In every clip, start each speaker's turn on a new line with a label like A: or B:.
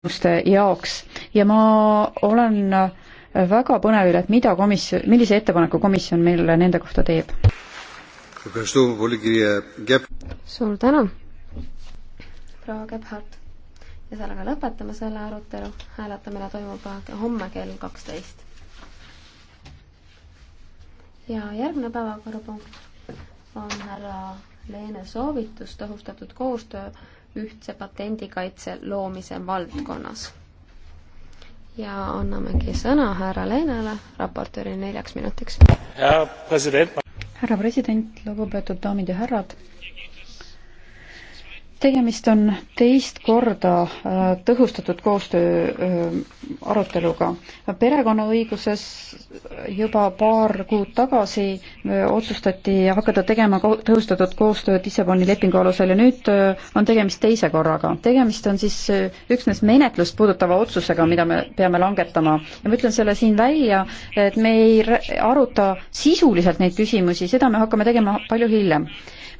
A: küsimuste jaoks ja ma olen väga põnev üle, et mida komisjon, millise ettepaneku komisjon meile nende kohta teeb. suur tänu,
B: proua Gebhard. ja sellega lõpetame selle arutelu, hääletamine toimub homme kell kaksteist. ja järgmine päevakorrapunkt on härra Leene soovitus tõhustatud koostöö ühtse patendikaitse loomise valdkonnas.
A: ja annamegi sõna härra Leenele, raportööri neljaks minutiks.
C: härra
A: president, lugupeetud daamid ja härrad tegemist on teist korda äh, tõhustatud koostöö äh, aruteluga. perekonnaõiguses juba paar kuud tagasi äh, otsustati hakata tegema tõhustatud koostööd Lissaboni lepingu alusel ja nüüd on tegemist teise korraga. tegemist on siis üksnes menetlust puudutava otsusega, mida me peame langetama ja ma ütlen selle siin välja, et me ei aruta sisuliselt neid küsimusi, seda me hakkame tegema palju hiljem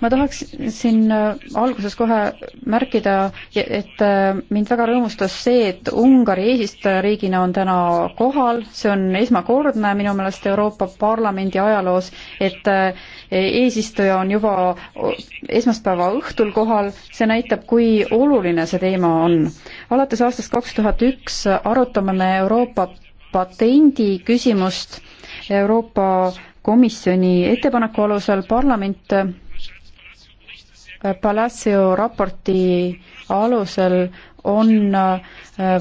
A: ma tahaksin äh, alguses kohe märkida, et äh, mind väga rõõmustas see, et Ungari eesistujariigina on täna kohal, see on esmakordne minu meelest Euroopa Parlamendi ajaloos, et äh, eesistuja on juba esmaspäeva õhtul kohal, see näitab, kui oluline see teema on. alates aastast kaks tuhat üks arutame me Euroopa patendi küsimust Euroopa Komisjoni ettepaneku alusel parlament Palacio raporti alusel on äh,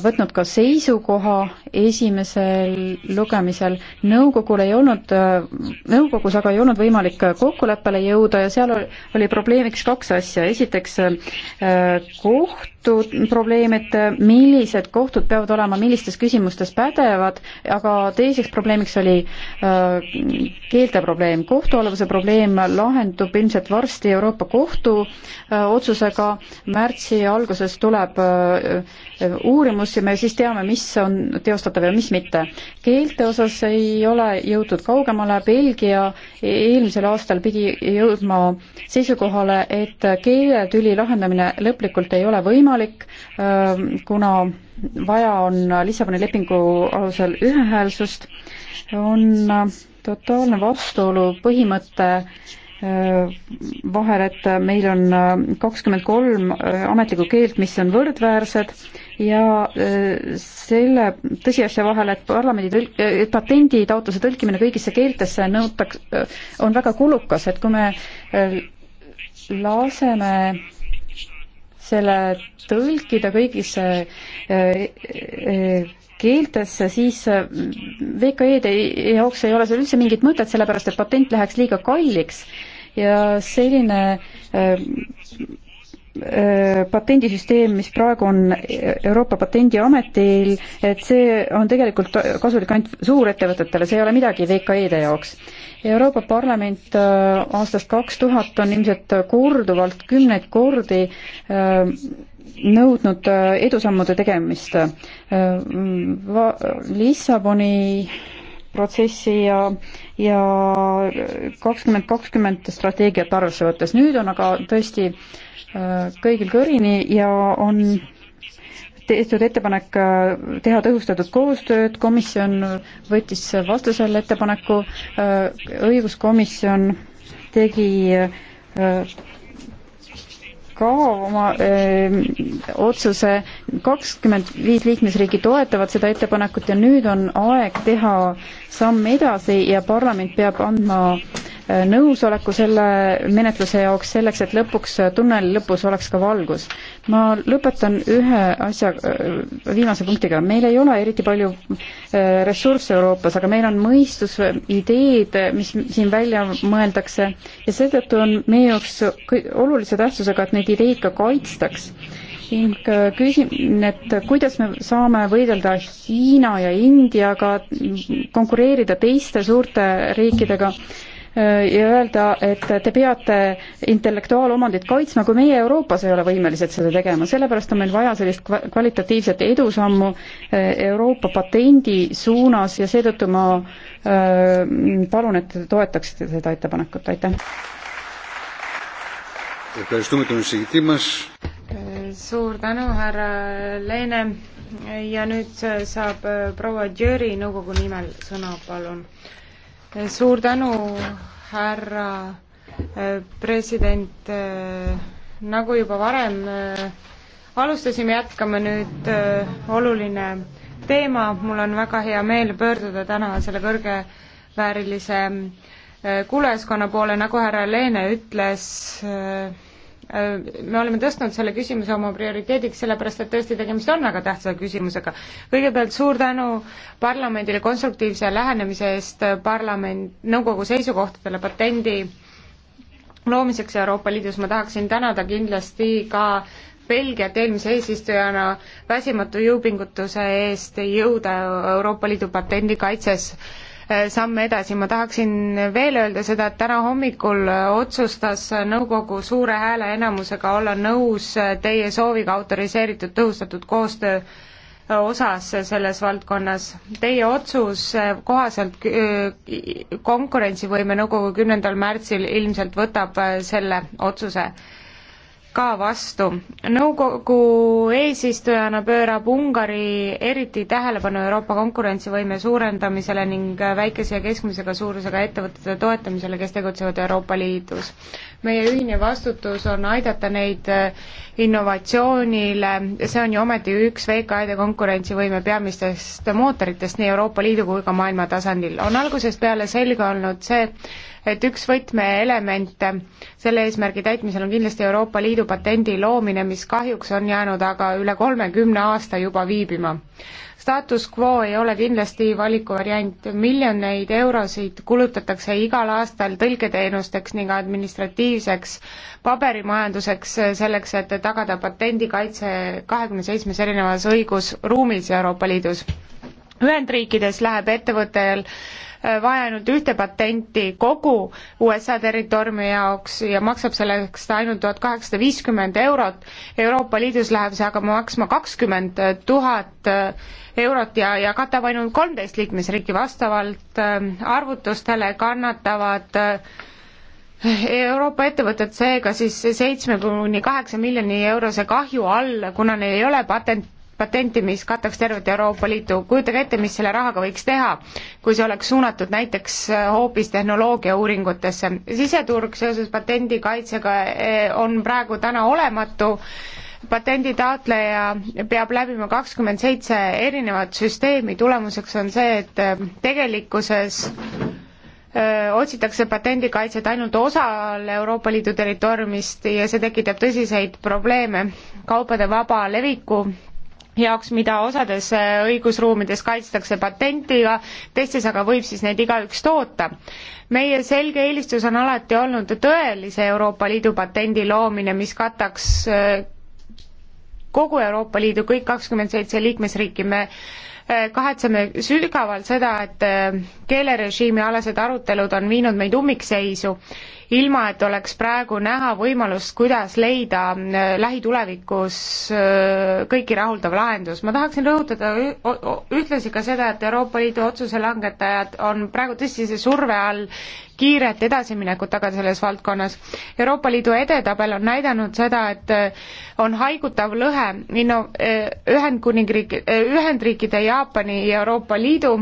A: võtnud ka seisukoha esimesel lugemisel. nõukogul ei olnud, äh, nõukogus aga ei olnud võimalik kokkuleppele jõuda ja seal oli, oli probleemiks kaks asja, esiteks äh, kohtu probleem, et millised kohtud peavad olema millistes küsimustes pädevad, aga teiseks probleemiks oli keelte probleem. kohtualuse probleem lahendub ilmselt varsti Euroopa Kohtu otsusega, märtsi alguses tuleb uurimusi, me siis teame, mis on teostatav ja mis mitte. keelte osas ei ole jõutud kaugemale, Belgia eelmisel aastal pidi jõudma seisukohale, et keeletüli lahendamine lõplikult ei ole võimalik, ähm, kuna vaja on Lissaboni lepingu alusel ühehäälsust, on totaalne vastuolu põhimõte äh, Äh, vahel, et meil on äh, kakskümmend kolm äh, ametlikku keelt, mis on võrdväärsed ja selle tõsiasja vahel, et parlamendi tõlk-, et patenditaotluse tõlkimine kõigisse keeltesse nõutaks, on väga kulukas, et kui me laseme selle tõlkida kõigisse keeltesse, siis äh, VKE-de jaoks ei ole seal üldse mingit mõtet, sellepärast et patent läheks liiga kalliks ja selline äh, äh, patendisüsteem, mis praegu on Euroopa Patendiametil, et see on tegelikult kasulik ainult suurettevõtetele, see ei ole midagi VKE-de jaoks. Euroopa Parlament äh, aastast kaks tuhat on ilmselt korduvalt, kümneid kordi äh, nõudnud äh, edusammude tegemist. Äh, mm, Lissaboni protsessi ja, ja kakskümmend kakskümmend strateegiat arvesse võttes. nüüd on aga tõesti äh, kõigil kõrini ja on tehtud ettepanek teha tõhustatud koostööd, komisjon võttis vastu selle ettepaneku, õiguskomisjon tegi ka oma öö, ehm, otsuse, kakskümmend viis liikmesriiki toetavad seda ettepanekut ja nüüd on aeg teha samm edasi ja parlament peab andma nõusoleku selle menetluse jaoks, selleks et lõpuks, tunneli lõpus oleks ka valgus. ma lõpetan ühe asja, äh, viimase punktiga. meil ei ole eriti palju äh, ressursse Euroopas, aga meil on mõistus, ideed, mis siin välja mõeldakse ja seetõttu on meie jaoks olulise tähtsusega, et neid ideid ka kaitstaks ning äh, küsin, et kuidas me saame võidelda Hiina ja Indiaga, konkureerida teiste suurte riikidega Äh, ja öelda, et te peate intellektuaalomandit kaitsma, kui meie Euroopas ei ole võimelised seda tegema, sellepärast on meil vaja sellist kvalitatiivset edusammu äh, Euroopa patendi suunas ja seetõttu ma äh, palun, et te toetaksite seda ettepanekut, aitäh.
D: suur tänu, härra Leene ja nüüd saab proua Jüri nõukogu nimel sõna, palun suur tänu, härra äh, president, äh, nagu juba varem äh, alustasime, jätkame nüüd oluline teema, mul on väga hea meel pöörduda täna selle kõrgeväärilise kuulajaskonna poole, nagu härra Leene ütles, Äh, me oleme tõstnud selle küsimuse oma prioriteediks, sellepärast et tõesti tegemist on väga tähtsa küsimusega. kõigepealt suur tänu parlamendile konstruktiivse lähenemise eest parlament, nõukogu seisukohtadele patendi loomiseks Euroopa Liidus, ma tahaksin tänada kindlasti ka Belgiat eelmise eesistujana väsimatu jõupingutuse eest jõuda Euroopa Liidu patendikaitses äh, samm edasi. ma tahaksin veel öelda seda, et täna hommikul otsustas nõukogu suure hääle enamusega olla nõus teie sooviga autoriseeritud tõhustatud koostöö osas selles valdkonnas. Teie otsus kohaselt äh, konkurentsivõime nõukogu kümnendal märtsil ilmselt võtab selle otsuse ka vastu. nõukogu eesistujana pöörab Ungari eriti tähelepanu Euroopa konkurentsivõime suurendamisele ning väikese ja keskmisega suurusega ettevõtete toetamisele, kes tegutsevad Euroopa Liidus. meie ühine vastutus on aidata neid innovatsioonile, see on ju ometi üks VKE-de konkurentsivõime peamistest mootoritest nii Euroopa Liidu kui ka maailma tasandil. on algusest peale selge olnud see, et üks võtmeelemente selle eesmärgi täitmisel on kindlasti Euroopa Liidu patendi loomine, mis kahjuks on jäänud aga üle kolmekümne aasta juba viibima. Status quo ei ole kindlasti valikuvariant, miljoneid eurosid kulutatakse igal aastal tõlketeenusteks ning administratiivseks paberimajanduseks, selleks et tagada patendikaitse kahekümne seitsmes erinevas õigusruumis Euroopa Liidus. Ühendriikides läheb ettevõttel Äh, vaja ainult ühte patenti kogu USA territooriumi jaoks ja maksab selleks ainult tuhat kaheksasada viiskümmend eurot. Euroopa Liidus läheb see aga maksma kakskümmend tuhat äh, eurot ja, ja katab ainult kolmteist liikmesriiki, vastavalt äh, arvutustele kannatavad Euroopa ettevõtted seega siis seitsme kuni kaheksa miljoni eurose kahju all, kuna neil ei ole patent, patenti, mis kataks tervet Euroopa Liitu. kujutage ette, mis selle rahaga võiks teha, kui see oleks suunatud näiteks äh, hoopis tehnoloogia uuringutesse. siseturg seoses patendikaitsega äh, on praegu täna olematu, patenditaotleja peab läbima kakskümmend seitse erinevat süsteemi, tulemuseks on see, et äh, tegelikkuses otsitakse patendikaitset ainult osal Euroopa Liidu territooriumist ja see tekitab tõsiseid probleeme kaupade vaba leviku heaks, mida osades äh, õigusruumides kaitstakse patentiga, teistes aga võib siis neid igaüks toota. meie selge eelistus on alati olnud tõelise Euroopa Liidu patendi loomine, mis kataks äh, kogu Euroopa Liidu kõik kakskümmend seitse liikmesriiki, me äh, kahetseme sügavalt seda, et keelerežiimi alased arutelud on viinud meid ummikseisu ilma et oleks praegu näha võimalust, kuidas leida äh, lähitulevikus äh, kõiki rahuldav lahendus. ma tahaksin rõhutada ühtlasi ka seda, et Euroopa Liidu otsuse langetajad on praegu tõsise surve all kiiret edasiminekut aga selles valdkonnas. Euroopa Liidu edetabel on näidanud seda, et äh, on haigutav lõhe inno-, Ühendkuningriik, Ühendriikide, Jaapani ja Euroopa Liidu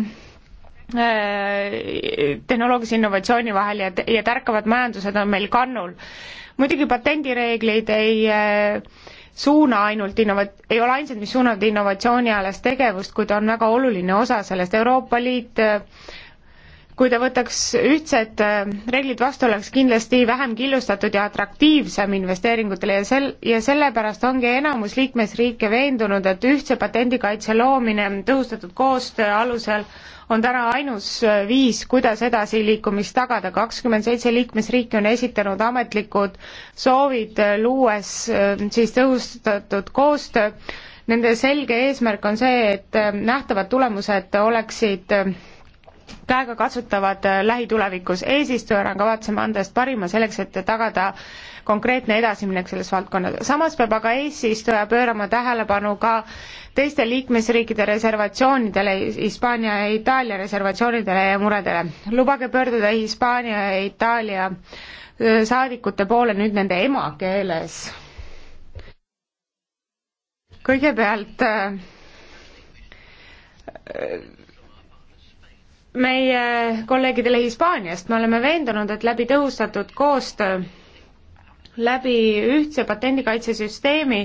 D: Äh, tehnoloogilise innovatsiooni vahel ja, ja tärkavad majandused on meil kannul. muidugi patendireeglid ei äh, suuna ainult innova-, ei ole ainsad, mis suunavad innovatsioonialast tegevust, kuid on väga oluline osa sellest, Euroopa Liit äh, kui ta võtaks ühtsed äh, reeglid vastu, oleks kindlasti vähem killustatud ja atraktiivsem investeeringutele ja sel-, ja sellepärast ongi enamus liikmesriike veendunud, et ühtse patendikaitse loomine tõhustatud koostöö alusel on täna ainus äh, viis, kuidas edasiliikumist tagada, kakskümmend seitse liikmesriiki on esitanud ametlikud soovid, äh, luues siis tõhustatud koostöö, nende selge eesmärk on see, et nähtavad tulemused oleksid käegakatsutavad äh, lähitulevikus. eesistujana kavatseme anda endast parima selleks, et tagada konkreetne edasiminek selles valdkonnas. samas peab aga eesistuja pöörama tähelepanu ka teiste liikmesriikide reservatsioonidele, Hispaania ja Itaalia reservatsioonidele ja muredele. lubage pöörduda Hispaania ja Itaalia äh, saadikute poole nüüd nende emakeeles. kõigepealt äh, meie kolleegidele Hispaaniast, me oleme veendunud, et läbi tõhustatud koostöö, läbi ühtse patendikaitsesüsteemi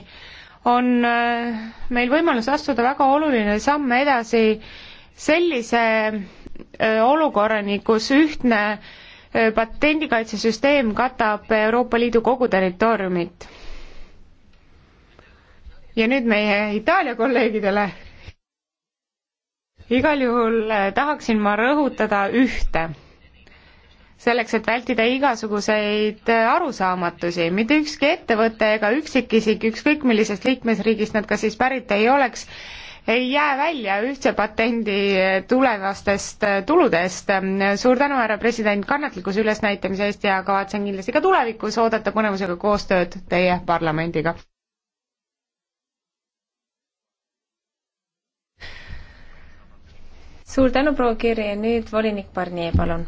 D: on äh, meil võimalus astuda väga oluline samm edasi sellise äh, olukorrani, kus ühtne äh, patendikaitsesüsteem katab Euroopa Liidu kogu territooriumit. ja nüüd meie Itaalia kolleegidele igal juhul eh, tahaksin ma rõhutada ühte, selleks, et vältida igasuguseid eh, arusaamatusi, mitte ükski ettevõte ega üksikisik, ükskõik millisest liikmesriigist nad ka siis pärit ei oleks, ei jää välja ühtse patendi eh, tulevastest tuludest. suur tänu, härra president, kannatlikkuse ülesnäitamise eest ja kavatsen kindlasti ka tulevikus oodata põnevusega koostööd teie parlamendiga.
B: suur tänu, proua Kiri ja nüüd volinik Barnier, palun.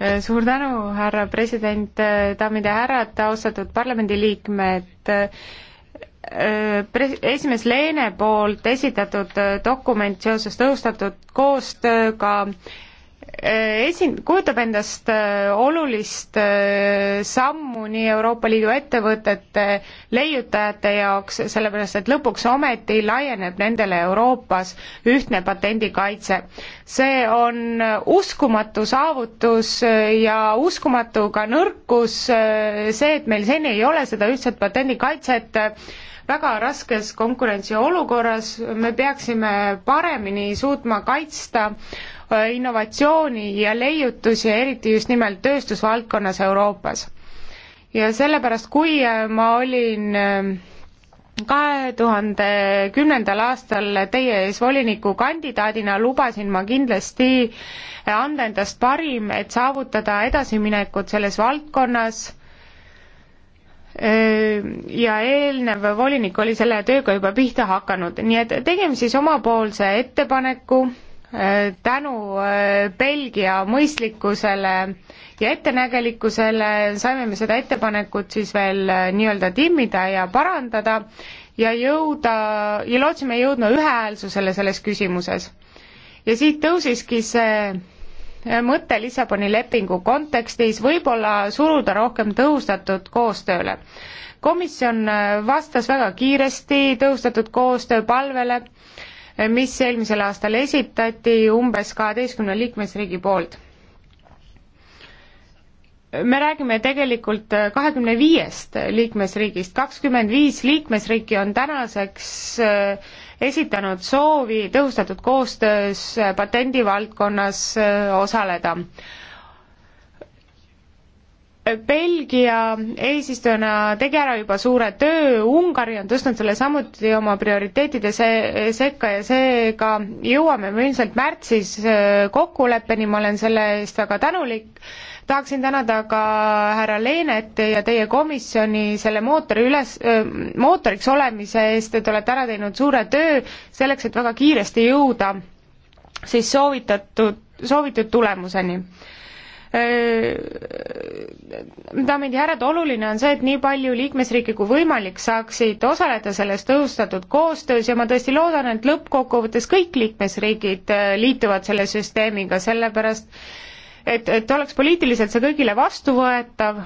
D: Äh, suur tänu, härra president, äh, daamid ja härrad, austatud parlamendiliikmed äh, pres-, esimees Leene poolt esitatud dokument seoses tõhustatud koostööga Eh, esin-, kujutab endast eh, olulist eh, sammu nii Euroopa Liidu ettevõtete leiutajate jaoks, sellepärast et lõpuks ometi laieneb nendele Euroopas ühtne patendikaitse. see on uskumatu saavutus ja uskumatu ka nõrkus, see, et meil seni ei ole seda ühtset patendikaitset, väga raskes konkurentsiolukorras, me peaksime paremini suutma kaitsta äh, innovatsiooni ja leiutusi, eriti just nimelt tööstusvaldkonnas Euroopas. ja sellepärast, kui äh, ma olin äh, kahe tuhande kümnendal aastal teie ees volinikukandidaadina lubasin ma kindlasti anda endast parim, et saavutada edasiminekut selles valdkonnas ja eelnev volinik oli selle tööga juba pihta hakanud, nii et tegime siis omapoolse ettepaneku tänu Belgia mõistlikkusele ja ettenägelikkusele saime me seda ettepanekut siis veel nii-öelda timmida ja parandada ja jõuda, ja lootsime jõudma ühehäälsusele selles küsimuses. ja siit tõusiski see mõte Lissaboni lepingu kontekstis võib-olla suruda rohkem tõhustatud koostööle. komisjon äh, vastas väga kiiresti tõhustatud koostöö palvele, äh, mis eelmisel aastal esitati umbes kaheteistkümne liikmesriigi poolt. me räägime tegelikult äh, kahekümne viiest liikmesriigist, kakskümmend viis liikmesriiki on tänaseks äh, esitanud soovi tõhustatud koostöös patendivaldkonnas äh, osaleda. Belgia eesistujana tegi ära juba suure töö, Ungari on tõstnud selle samuti oma prioriteetide se-, sekka ja seega jõuame me ilmselt märtsis äh, kokkuleppeni, ma olen selle eest väga tänulik, tahaksin tänada ka härra Leenet ja teie komisjoni selle mootori üles, mootoriks olemise eest, te olete ära teinud suure töö selleks, et väga kiiresti jõuda siis soovitatud, soovitud tulemuseni daamid ja härrad, oluline on see, et nii palju liikmesriike kui võimalik saaksid osaleda selles tõhustatud koostöös ja ma tõesti loodan, et lõppkokkuvõttes kõik liikmesriigid liituvad selle süsteemiga, sellepärast et, et oleks poliitiliselt see kõigile vastuvõetav,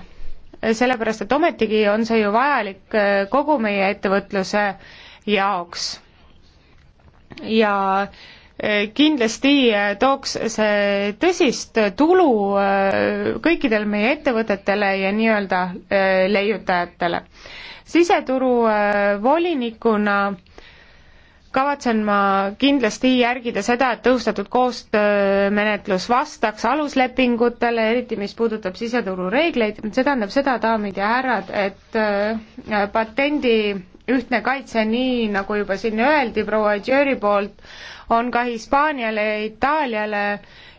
D: sellepärast et ometigi on see ju vajalik äh, kogu meie ettevõtluse jaoks. ja äh, kindlasti äh, tooks see tõsist tulu kõikidele meie ettevõtetele ja nii-öelda leiutajatele. siseturu volinikuna äh, kavatsen ma kindlasti järgida seda, et tõhustatud koostöömenetlus vastaks aluslepingutele, eriti mis puudutab siseturu reegleid, see tähendab seda, daamid ja härrad, et äh, patendi ühtne kaitse, nii nagu juba siin öeldi proua Jüri poolt, on ka Hispaaniale ja Itaaliale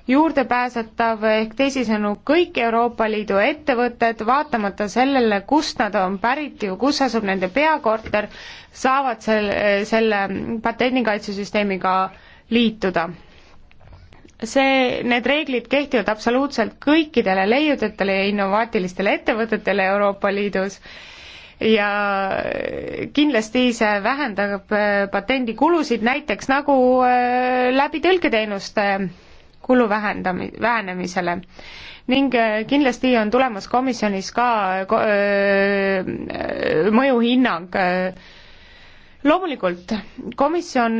D: juurdepääsetav ehk teisisõnu kõik Euroopa Liidu ettevõtted, vaatamata sellele, kust nad on pärit ja kus asub nende peakorter, saavad selle, selle patendikaitsesüsteemiga liituda. see, need reeglid kehtivad absoluutselt kõikidele leiutjatele ja innovaatilistele ettevõtetele Euroopa Liidus ja kindlasti see vähendab äh, patendikulusid, näiteks nagu äh, läbi tõlketeenuste kulu vähendami-, vähenemisele. ning äh, kindlasti on tulemas komisjonis ka öö, äh, mõjuhinnang öö, äh, loomulikult, komisjon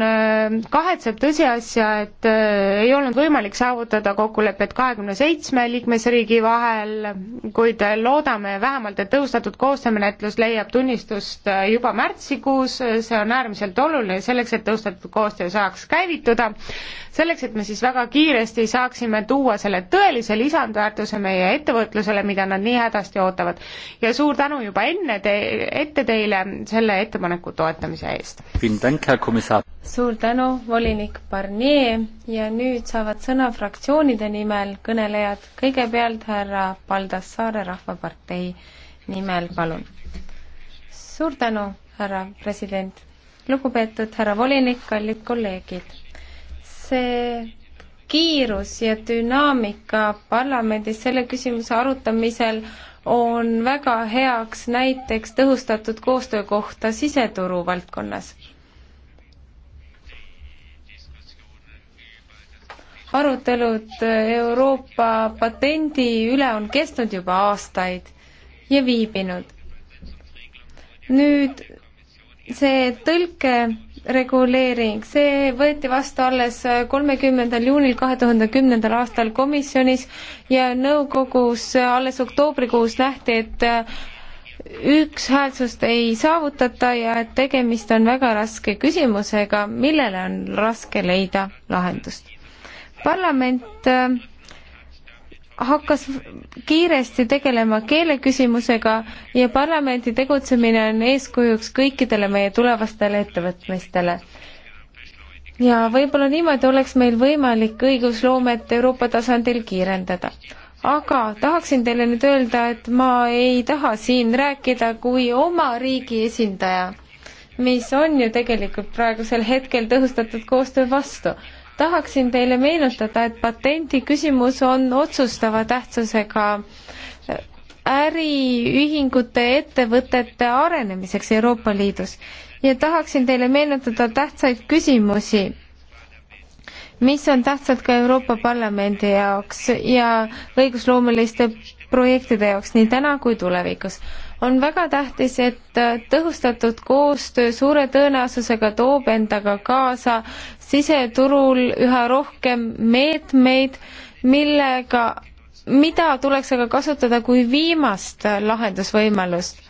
D: kahetseb tõsiasja, et ei olnud võimalik saavutada kokkulepet kahekümne seitsme liikmesriigi vahel, kuid loodame vähemalt, et tõustatud koostöömenetlus leiab tunnistust juba märtsikuus, see on äärmiselt oluline selleks, et tõustatud koostöö saaks käivituda selleks, et me siis väga kiiresti saaksime tuua selle tõelise lisandväärtuse meie ettevõtlusele, mida nad nii hädasti ootavad. ja suur tänu juba enne te, ette teile selle ettepaneku toetamise eest.
B: suur tänu, volinik Barnier ja nüüd saavad sõna fraktsioonide nimel kõnelejad, kõigepealt härra Paldassaare Rahvapartei nimel, palun. suur tänu, härra president lugupeetud härra volinik, kallid kolleegid! see kiirus ja dünaamika parlamendis selle küsimuse arutamisel on väga heaks näiteks tõhustatud koostöö kohta siseturu valdkonnas. arutelud Euroopa patendi üle on kestnud juba aastaid ja viibinud. nüüd see tõlke reguleering, see võeti vastu alles kolmekümnendal juunil kahe tuhande kümnendal aastal komisjonis ja nõukogus alles oktoobrikuus nähti, et ükshäälsust ei saavutata ja et tegemist on väga raske küsimusega, millele on raske leida lahendust. parlament hakkas kiiresti tegelema keeleküsimusega ja parlamendi tegutsemine on eeskujuks kõikidele meie tulevastele ettevõtmistele. ja võib-olla niimoodi oleks meil võimalik õigusloomet Euroopa tasandil kiirendada. aga tahaksin teile nüüd öelda, et ma ei taha siin rääkida kui oma riigi esindaja, mis on ju tegelikult praegusel hetkel tõhustatud koostöö vastu tahaksin teile meenutada, et patendi küsimus on otsustava tähtsusega äriühingute ja ettevõtete arenemiseks Euroopa Liidus ja tahaksin teile meenutada tähtsaid küsimusi, mis on tähtsad ka Euroopa Parlamendi jaoks ja õigusloomeliste projektide jaoks nii täna kui tulevikus. on väga tähtis, et tõhustatud koostöö suure tõenäosusega toob endaga kaasa siseturul üha rohkem meetmeid, millega, mida tuleks aga kasutada kui viimast lahendusvõimalust.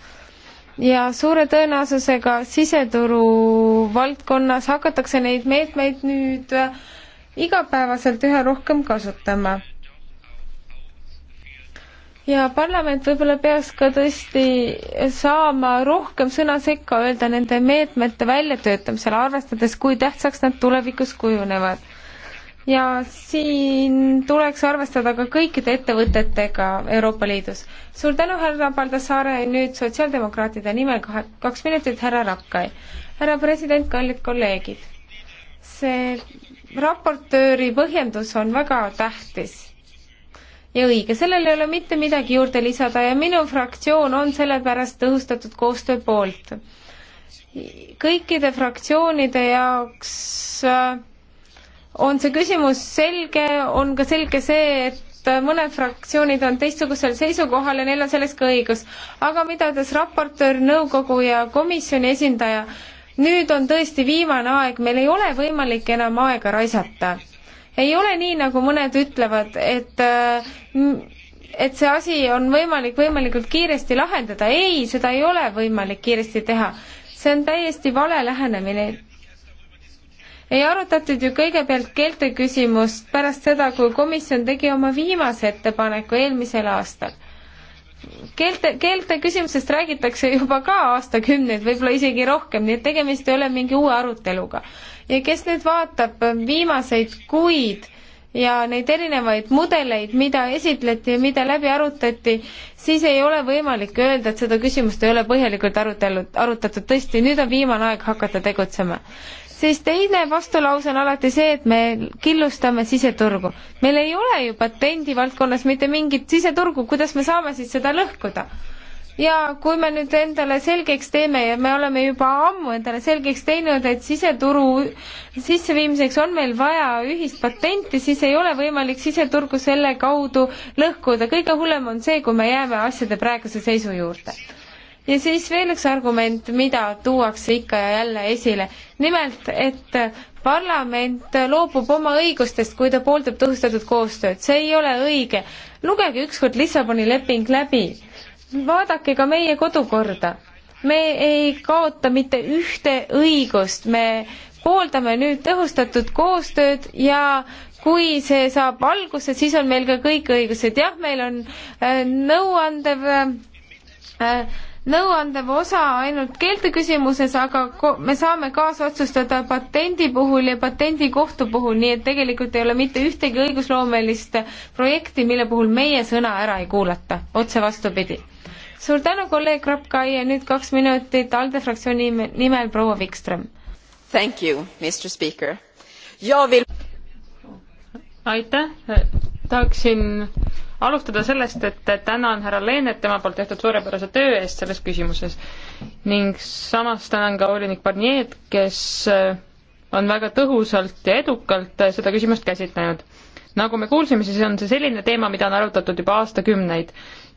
B: ja suure tõenäosusega siseturu valdkonnas hakatakse neid meetmeid nüüd igapäevaselt üha rohkem kasutama ja parlament võib-olla peaks ka tõesti saama rohkem sõna sekka öelda nende meetmete väljatöötamisel, arvestades, kui tähtsaks nad tulevikus kujunevad. ja siin tuleks arvestada ka kõikide ettevõtetega Euroopa Liidus. suur tänu, härra Baldassare, nüüd sotsiaaldemokraatide nimel kahe, kaks minutit, härra Rakkai. härra president, kallid kolleegid, see raportööri põhjendus on väga tähtis ja õige, sellel ei ole mitte midagi juurde lisada ja minu fraktsioon on sellepärast tõhustatud koostöö poolt. kõikide fraktsioonide jaoks äh, on see küsimus selge, on ka selge see, et mõned fraktsioonid on teistsugusel seisukohal ja neil on selles ka õigus. aga mida ütles raportöör, nõukogu ja komisjoni esindaja, nüüd on tõesti viimane aeg, meil ei ole võimalik enam aega raisata ei ole nii, nagu mõned ütlevad, et äh, et see asi on võimalik võimalikult kiiresti lahendada, ei, seda ei ole võimalik kiiresti teha. see on täiesti vale lähenemine. ei arutatud ju kõigepealt keelte küsimust pärast seda, kui komisjon tegi oma viimase ettepaneku eelmisel aastal keelte, keelte küsimusest räägitakse juba ka aastakümneid, võib-olla isegi rohkem, nii et tegemist ei ole mingi uue aruteluga ja kes nüüd vaatab viimaseid kuid ja neid erinevaid mudeleid, mida esitleti ja mida läbi arutati, siis ei ole võimalik öelda, et seda küsimust ei ole põhjalikult arutelud, arutatud, tõesti, nüüd on viimane aeg hakata tegutsema siis teine vastulause on alati see, et me killustame siseturgu. meil ei ole ju patendi valdkonnas mitte mingit siseturgu, kuidas me saame siis seda lõhkuda? ja kui me nüüd endale selgeks teeme ja me oleme juba ammu endale selgeks teinud, et siseturu sisseviimiseks on meil vaja ühist patenti, siis ei ole võimalik siseturgu selle kaudu lõhkuda. kõige hullem on see, kui me jääme asjade praeguse seisu juurde. ja siis veel üks argument, mida tuuakse ikka ja jälle esile. nimelt, et parlament loobub oma õigustest, kui ta pooldab tõhustatud koostööd. see ei ole õige. lugege ükskord Lissaboni leping läbi vaadake ka meie kodukorda. me ei kaota mitte ühte õigust, me pooldame nüüd tõhustatud koostööd ja kui see saab alguse, siis on meil ka kõik õigused. jah, meil on äh, nõuandev äh, nõuandev osa ainult keelte küsimuses, aga me saame kaasotsustada patendi puhul ja patendikohtu puhul, nii et tegelikult ei ole mitte ühtegi õigusloomelist projekti, mille puhul meie sõna ära ei kuulata, otse vastupidi suur tänu, kolleeg Krapkai ja nüüd kaks minutit ALDE fraktsiooni nimel proua Vikström. Thank you, Mr
E: Speaker. Will... aitäh, tahaksin alustada sellest, et tänan härra Leenet tema poolt tehtud suurepärase töö eest selles küsimuses ning samas tänan ka volinik Barnier'd, kes on väga tõhusalt ja edukalt seda küsimust käsitlenud. nagu me kuulsime, siis on see selline teema, mida on arutatud juba aastakümneid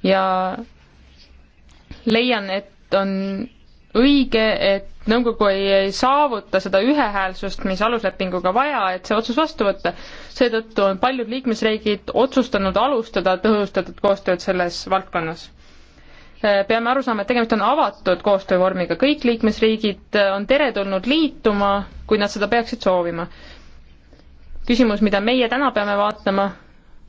E: ja leian, et on õige, et nõukogu ei, ei saavuta seda ühehäälsust, mis aluslepinguga vaja, et see otsus vastu võtta. seetõttu on paljud liikmesriigid otsustanud alustada tõhustatud koostööd selles valdkonnas. Äh, peame aru saama, et tegemist on avatud koostöövormiga, kõik liikmesriigid äh, on teretulnud liituma, kui nad seda peaksid soovima. küsimus, mida meie täna peame vaatama,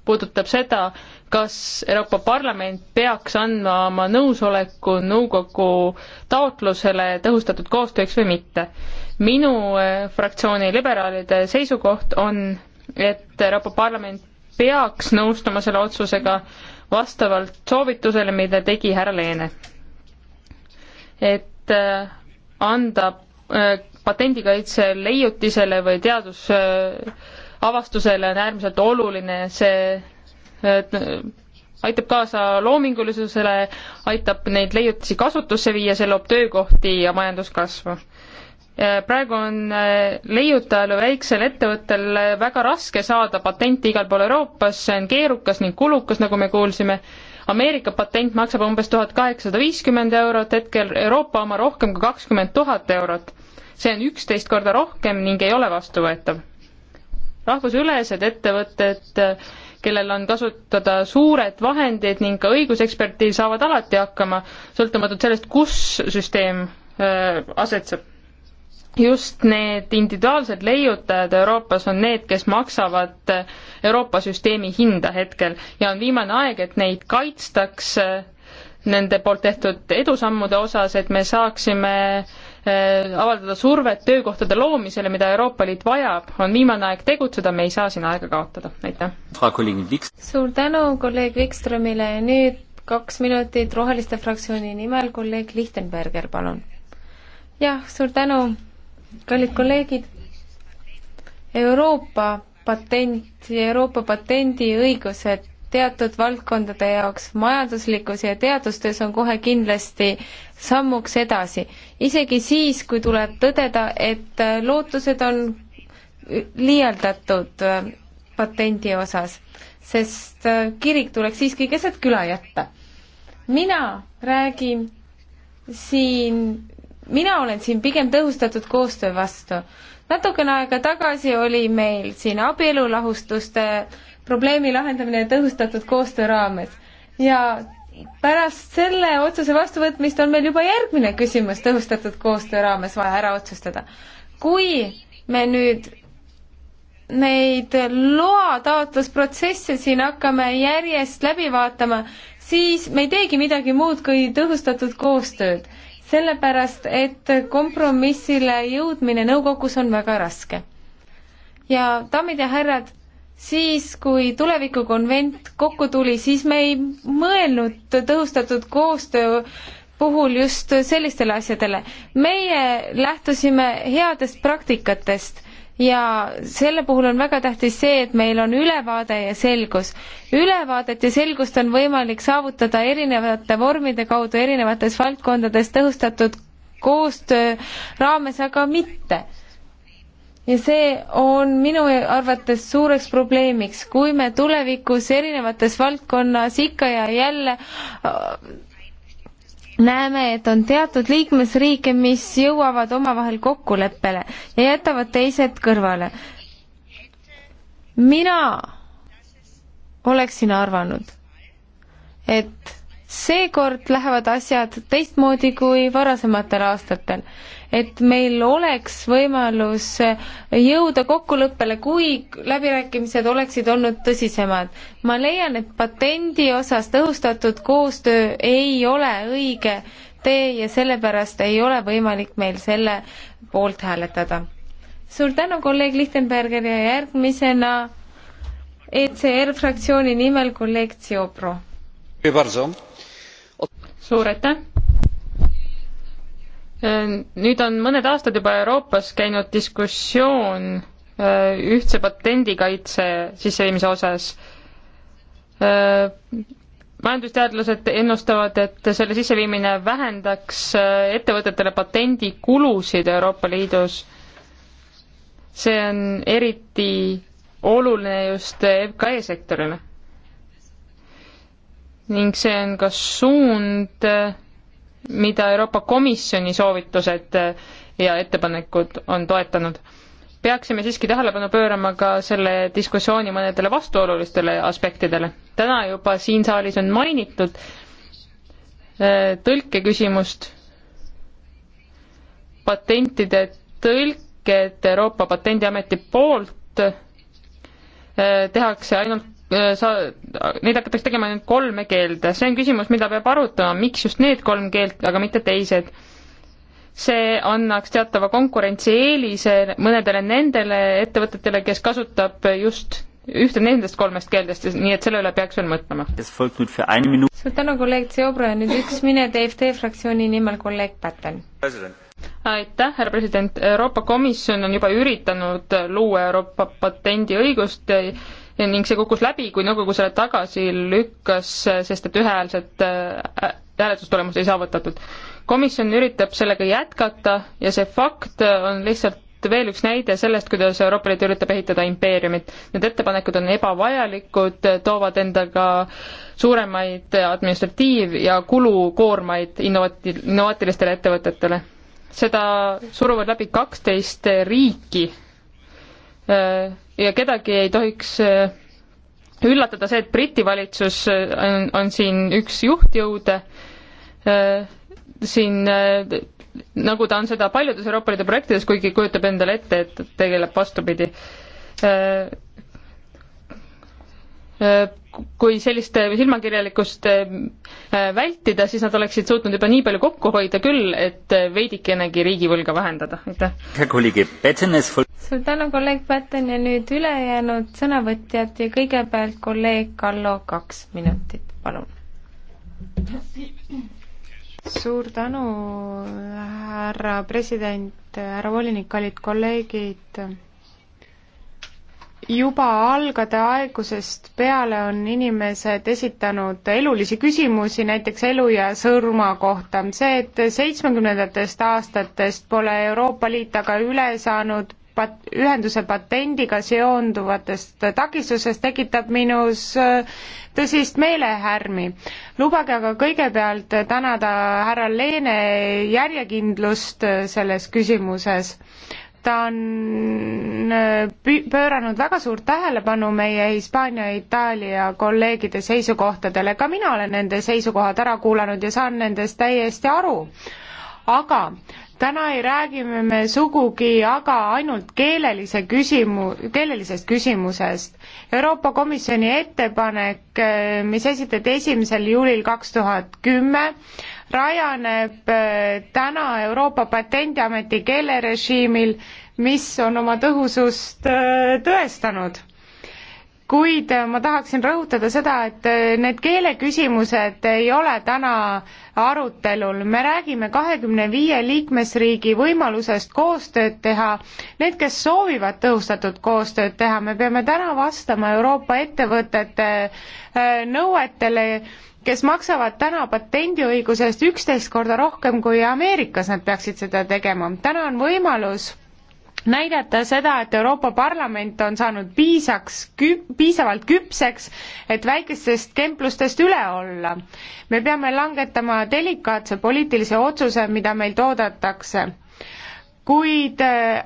E: puudutab seda, kas Euroopa Parlament peaks andma oma nõusoleku nõukogu taotlusele tõhustatud koostööks või mitte. minu eh, fraktsiooni liberaalide seisukoht on, et Euroopa Parlament peaks nõustuma selle otsusega vastavalt soovitusele, mida tegi härra Leene. et eh, anda eh, patendikaitse leiutisele või teadusavastusele on äärmiselt oluline see aitab kaasa loomingulisusele, aitab neid leiutisi kasutusse viia, see loob töökohti ja majanduskasvu. praegu on eh, leiutajal ja väiksel ettevõttel eh, väga raske saada patenti igal pool Euroopas, see on keerukas ning kulukas, nagu me kuulsime, Ameerika patent maksab umbes tuhat kaheksasada viiskümmend eurot, hetkel Euroopa oma rohkem kui kakskümmend tuhat eurot. see on üksteist korda rohkem ning ei ole vastuvõetav. rahvusülesed ettevõtted et eh, kellel on kasutada suured vahendid ning ka õigusekspertiis, saavad alati hakkama, sõltumatult sellest, kus süsteem öö, äh, asetseb. just need individuaalsed leiutajad Euroopas on need, kes maksavad äh, Euroopa süsteemi hinda hetkel ja on viimane aeg, et neid kaitstaks äh, nende poolt tehtud edusammude osas, et me saaksime äh, Äh, avaldada survet töökohtade loomisele, mida Euroopa Liit vajab, on viimane aeg tegutseda, me ei saa siin aega kaotada, aitäh. suur tänu
B: kolleeg Vikströmile ja nüüd kaks minutit Roheliste fraktsiooni nimel kolleeg Lichtenberger, palun. jah, suur tänu, kallid kolleegid. Euroopa patent ja Euroopa patendiõigused teatud valdkondade jaoks majanduslikus ja teadustöös on kohe kindlasti sammuks edasi, isegi siis, kui tuleb tõdeda, et äh, lootused on liialdatud äh, patendi osas, sest äh, kirik tuleks siiski keset küla jätta. mina räägin siin, mina olen siin pigem tõhustatud koostöö vastu. natukene aega tagasi oli meil siin abielulahustuste probleemi lahendamine tõhustatud koostöö raames ja pärast selle otsuse vastuvõtmist on meil juba järgmine küsimus tõhustatud koostöö raames vaja ära otsustada. kui me nüüd neid loataotlusprotsesse siin hakkame järjest läbi vaatama, siis me ei teegi midagi muud kui tõhustatud koostööd, sellepärast et kompromissile jõudmine nõukogus on väga raske. ja daamid ja härrad, siis, kui tulevikukonvent kokku tuli, siis me ei mõelnud tõhustatud koostöö puhul just sellistele asjadele. meie lähtusime headest praktikatest ja selle puhul on väga tähtis see, et meil on ülevaade ja selgus. ülevaadet ja selgust on võimalik saavutada erinevate vormide kaudu erinevates valdkondades tõhustatud koostöö raames, aga mitte ja see on minu arvates suureks probleemiks, kui me tulevikus erinevates valdkonnas ikka ja jälle äh, näeme, et on teatud liikmesriike, mis jõuavad omavahel kokkuleppele ja jätavad teised kõrvale. mina oleksin arvanud, et seekord lähevad asjad teistmoodi kui varasematel aastatel et meil oleks võimalus jõuda kokkuleppele, kui läbirääkimised oleksid olnud tõsisemad. ma leian, et patendi osas tõhustatud koostöö ei ole õige tee ja sellepärast ei ole võimalik meil selle poolt hääletada. suur tänu, kolleeg Lichtenberger ja järgmisena ECR fraktsiooni nimel kolleeg
E: Tsiobro. suur aitäh! Äh, nüüd on mõned aastad juba Euroopas käinud diskussioon äh, ühtse patendikaitse sisseviimise osas. Äh, majandusteadlased ennustavad, et selle sisseviimine vähendaks ettevõtetele patendikulusid Euroopa Liidus. see on eriti oluline just FKE sektorile. ning see on ka suund, mida Euroopa Komisjoni soovitused äh, ja ettepanekud on toetanud. peaksime siiski tähelepanu pöörama ka selle diskussiooni mõnedele vastuolulistele aspektidele. täna juba siin saalis on mainitud äh, tõlkeküsimust, patentide tõlked Euroopa Patendiameti poolt äh, tehakse ainult Äh, sa, neid hakatakse tegema nüüd kolme keelde, see on küsimus, mida peab arutama, miks just need kolm keelt, aga mitte teised. see annaks teatava konkurentsieelise mõnedele nendele ettevõtetele, kes kasutab just ühte nendest kolmest keeldest, nii et selle üle peaks veel
C: mõtlema. suur
E: tänu, kolleeg Tsiobro ja nüüd üks minut EFT fraktsiooni nimel kolleeg Päten. aitäh, härra president, Euroopa Komisjon on juba üritanud luua Euroopa patendiõigust ning see kukkus läbi, kui nõukogu selle tagasi lükkas, sest et ühehäälset äh, hääletustulemust ei saavutatud. komisjon üritab sellega jätkata ja see fakt on lihtsalt veel üks näide sellest, kuidas Euroopa Liit üritab ehitada impeeriumit. Need ettepanekud on ebavajalikud, toovad endaga suuremaid administratiiv- ja kulukoormaid innovati-, innovaatilistele ettevõtetele. seda suruvad läbi kaksteist riiki äh, ja kedagi ei tohiks äh, üllatada see, et Briti valitsus äh, on, on siin üks juhtjõude, äh, siin nagu ta on seda paljudes Euroopa Liidu projektides, kuigi kujutab endale ette, et tegeleb vastupidi. kui sellist silmakirjalikkust vältida, siis nad oleksid suutnud juba nii palju kokku hoida küll, et veidikenegi riigivõlga vähendada, aitäh suur tänu,
B: kolleeg Pätten ja nüüd ülejäänud sõnavõtjad ja kõigepealt kolleeg Kallo, kaks minutit, palun.
D: suur tänu, härra president, härra volinik, kallid kolleegid juba algade aegusest peale on inimesed esitanud elulisi küsimusi näiteks elu ja sõrma kohta. see, et seitsmekümnendatest aastatest pole Euroopa Liit aga üle saanud pat-, ühenduse patendiga seonduvatest takistusest tekitab minus äh, tõsist meelehärmi. lubage aga kõigepealt tänada härra Leene järjekindlust äh, selles küsimuses ta on äh, pööranud väga suurt tähelepanu meie Hispaania ja Itaalia kolleegide seisukohtadele, ka mina olen nende seisukohad ära kuulanud ja saan nendest täiesti aru. aga täna ei räägi me sugugi aga ainult keelelise küsimu-, keelelisest küsimusest. Euroopa Komisjoni ettepanek, äh, mis esitati esimesel juulil kaks tuhat kümme, rajaneb äh, täna Euroopa Patendiameti keelerežiimil, mis on oma tõhusust äh, tõestanud kuid äh, ma tahaksin rõhutada seda, et äh, need keeleküsimused ei ole täna arutelul, me räägime kahekümne viie liikmesriigi võimalusest koostööd teha, need, kes soovivad tõhustatud koostööd teha, me peame täna vastama Euroopa ettevõtete äh, nõuetele, kes maksavad täna patendiõiguse eest üksteist korda rohkem, kui Ameerikas nad peaksid seda tegema. täna on võimalus näidata seda, et Euroopa Parlament on saanud piisaks kü-, piisavalt küpseks, et väikestest kemplustest üle olla. me peame langetama delikaatse poliitilise otsuse, mida meilt oodatakse. kuid äh,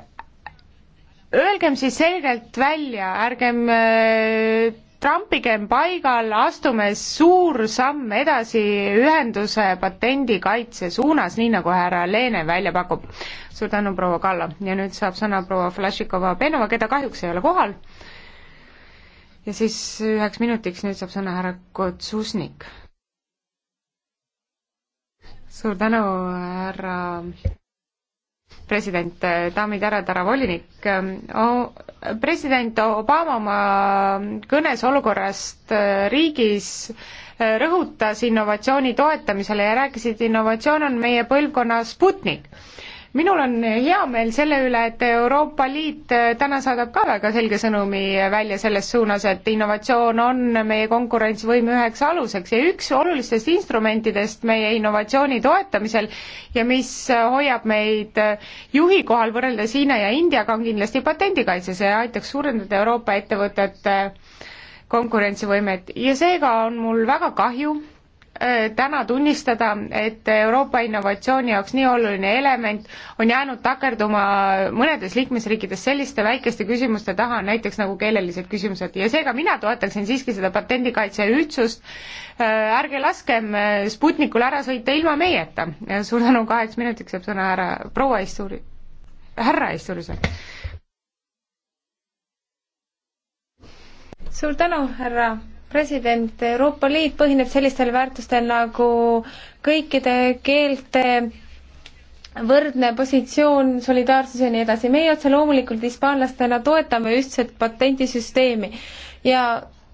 D: öelgem siis selgelt välja, ärgem äh, trampigem paigal, astume suur samm edasi ühenduse patendikaitse suunas, nii nagu härra Leene välja pakub. suur tänu, proua Kallo. ja nüüd saab sõna proua Flašikova-Penova, keda kahjuks ei ole kohal. ja siis üheks minutiks nüüd saab sõna härra Kotsusnik. suur tänu, härra president, daamid ja härrad, härra volinik, president Obama oma kõnes olukorrast äh, riigis äh, rõhutas innovatsiooni toetamisele ja rääkis, et innovatsioon on meie põlvkonna Sputnik minul on hea meel selle üle, et Euroopa Liit äh, täna saadab ka väga selge sõnumi äh, välja selles suunas, et innovatsioon on meie konkurentsivõime üheks aluseks ja üks olulistest instrumentidest meie innovatsiooni toetamisel ja mis äh, hoiab meid juhi kohal võrreldes Hiina ja Indiaga, on kindlasti patendikaitse, see aitaks suurendada Euroopa ettevõtete konkurentsivõimet ja seega on mul väga kahju, Äh, täna tunnistada, et Euroopa innovatsiooni jaoks nii oluline element on jäänud takerduma mõnedes liikmesriikides selliste väikeste küsimuste taha, näiteks nagu keelelised küsimused ja seega mina toetaksin siiski seda patendikaitse ühtsust. Äh, ärge laskem äh, Sputnikul ära sõita ilma meieta. suur tänu, kaheks minutiks jääb sõna ära proua Isturi, härra Isturisel. suur tänu, härra president,
B: Euroopa Liit põhineb sellistel väärtustel nagu kõikide keelte võrdne positsioon, solidaarsus ja nii edasi. meie otse loomulikult hispaanlastena toetame ühtset patendisüsteemi ja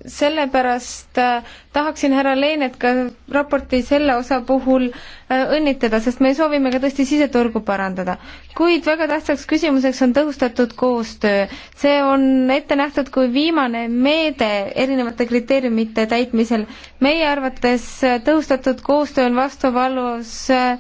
B: sellepärast äh, tahaksin härra Leenet ka raporti selle osa puhul äh, õnnitleda, sest me soovime ka tõesti siseturgu parandada. kuid väga tähtsaks küsimuseks on tõhustatud koostöö. see on ette nähtud kui viimane meede erinevate kriteeriumite täitmisel. meie arvates tõhustatud koostöö on vastuvalus äh,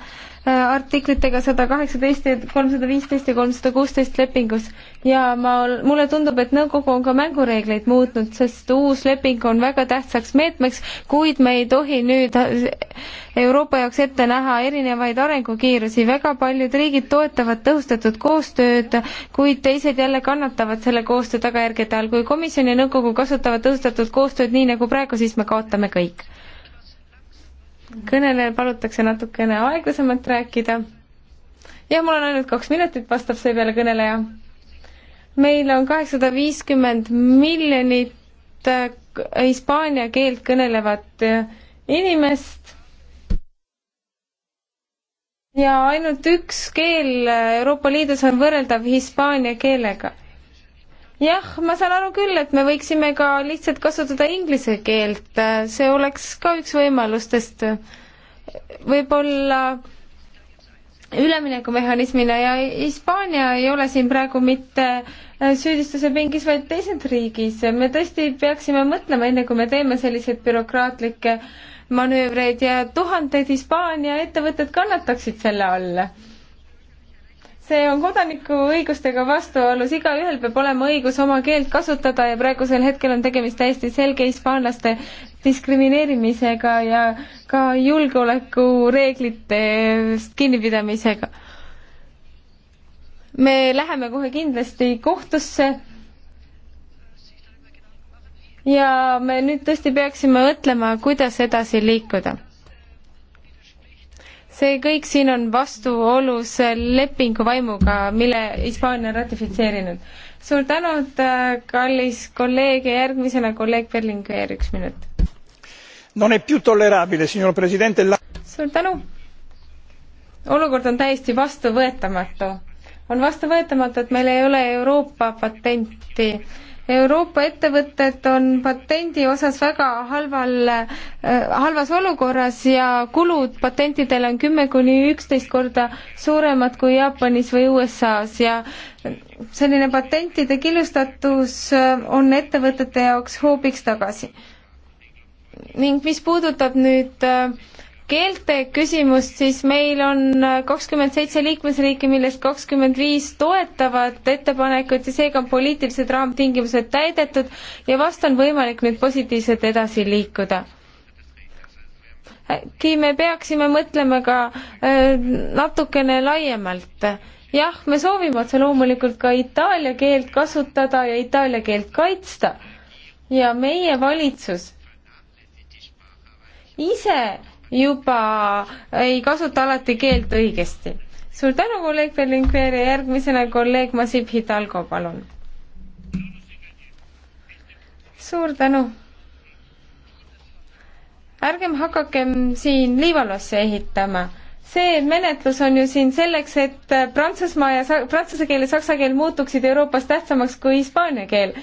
B: artiklitega sada kaheksateist ja kolmsada viisteist ja kolmsada kuusteist lepingus ja ma, mulle tundub, et nõukogu on ka mängureegleid muutnud, sest uus leping on väga tähtsaks meetmeks, kuid me ei tohi nüüd Euroopa jaoks ette näha erinevaid arengukiirusi, väga paljud riigid toetavad tõhustatud koostööd, kuid teised jälle kannatavad selle koostöö tagajärgede all, kui komisjon ja nõukogu kasutavad tõhustatud koostööd nii nagu praegu, siis me kaotame kõik. kõnelejal palutakse natukene aeglasemalt rääkida. jah, mul on ainult kaks minutit, vastab seepeale kõneleja meil on kaheksasada viiskümmend miljonit äh, hispaania keelt kõnelevat äh, inimest ja ainult üks keel äh, Euroopa Liidus on võrreldav hispaania keelega. jah, ma saan aru küll, et me võiksime ka lihtsalt kasutada inglise keelt, see oleks ka üks võimalustest. võib-olla üleminekumehhanismina ja Hispaania ei ole siin praegu mitte äh, süüdistuse pingis, vaid teises riigis. me tõesti peaksime mõtlema, enne kui me teeme selliseid bürokraatlikke manöövreid ja tuhanded Hispaania ettevõtted kannataksid selle all see on kodanikuõigustega vastuolus, igaühel peab olema õigus oma keelt kasutada ja praegusel hetkel on tegemist täiesti selge hispaanlaste diskrimineerimisega ja ka julgeolekureeglitest kinnipidamisega. me läheme kohe kindlasti kohtusse ja me nüüd tõesti peaksime mõtlema, kuidas edasi liikuda see kõik siin on vastuolus lepingu vaimuga, mille Hispaania on ratifitseerinud. suur tänu, äh, kallis kolleeg ja järgmisena kolleeg Berlinguer, üks minut.
C: Non è più tollerabile, signor presidente la....
B: suur tänu. olukord on täiesti vastuvõetamatu. on vastuvõetamatu, et meil ei ole Euroopa patenti Euroopa ettevõtted on patendi osas väga halval äh,, halvas olukorras ja kulud patentidele on kümme kuni üksteist korda suuremad kui Jaapanis või USA-s ja selline patentide killustatus äh, on ettevõtete jaoks hoobiks tagasi. ning mis puudutab nüüd äh, keelte küsimust, siis meil on kakskümmend seitse liikmesriiki, millest kakskümmend viis toetavad ettepanekut ja seega on poliitilised raamtingimused täidetud ja vast on võimalik nüüd positiivselt edasi liikuda äkki me peaksime mõtlema ka äh, natukene laiemalt. jah, me soovime otse loomulikult ka itaalia keelt kasutada ja itaalia keelt kaitsta. ja meie valitsus ise juba ei kasuta alati keelt õigesti. suur tänu, kolleeg Berlingveri, järgmisena kolleeg Masip Hidalgo, palun. suur tänu. ärgem hakakem siin liivalosse ehitama see menetlus on ju siin selleks, et Prantsusmaa ja sa-, prantsuse keel ja saksa keel muutuksid Euroopas tähtsamaks kui hispaania keel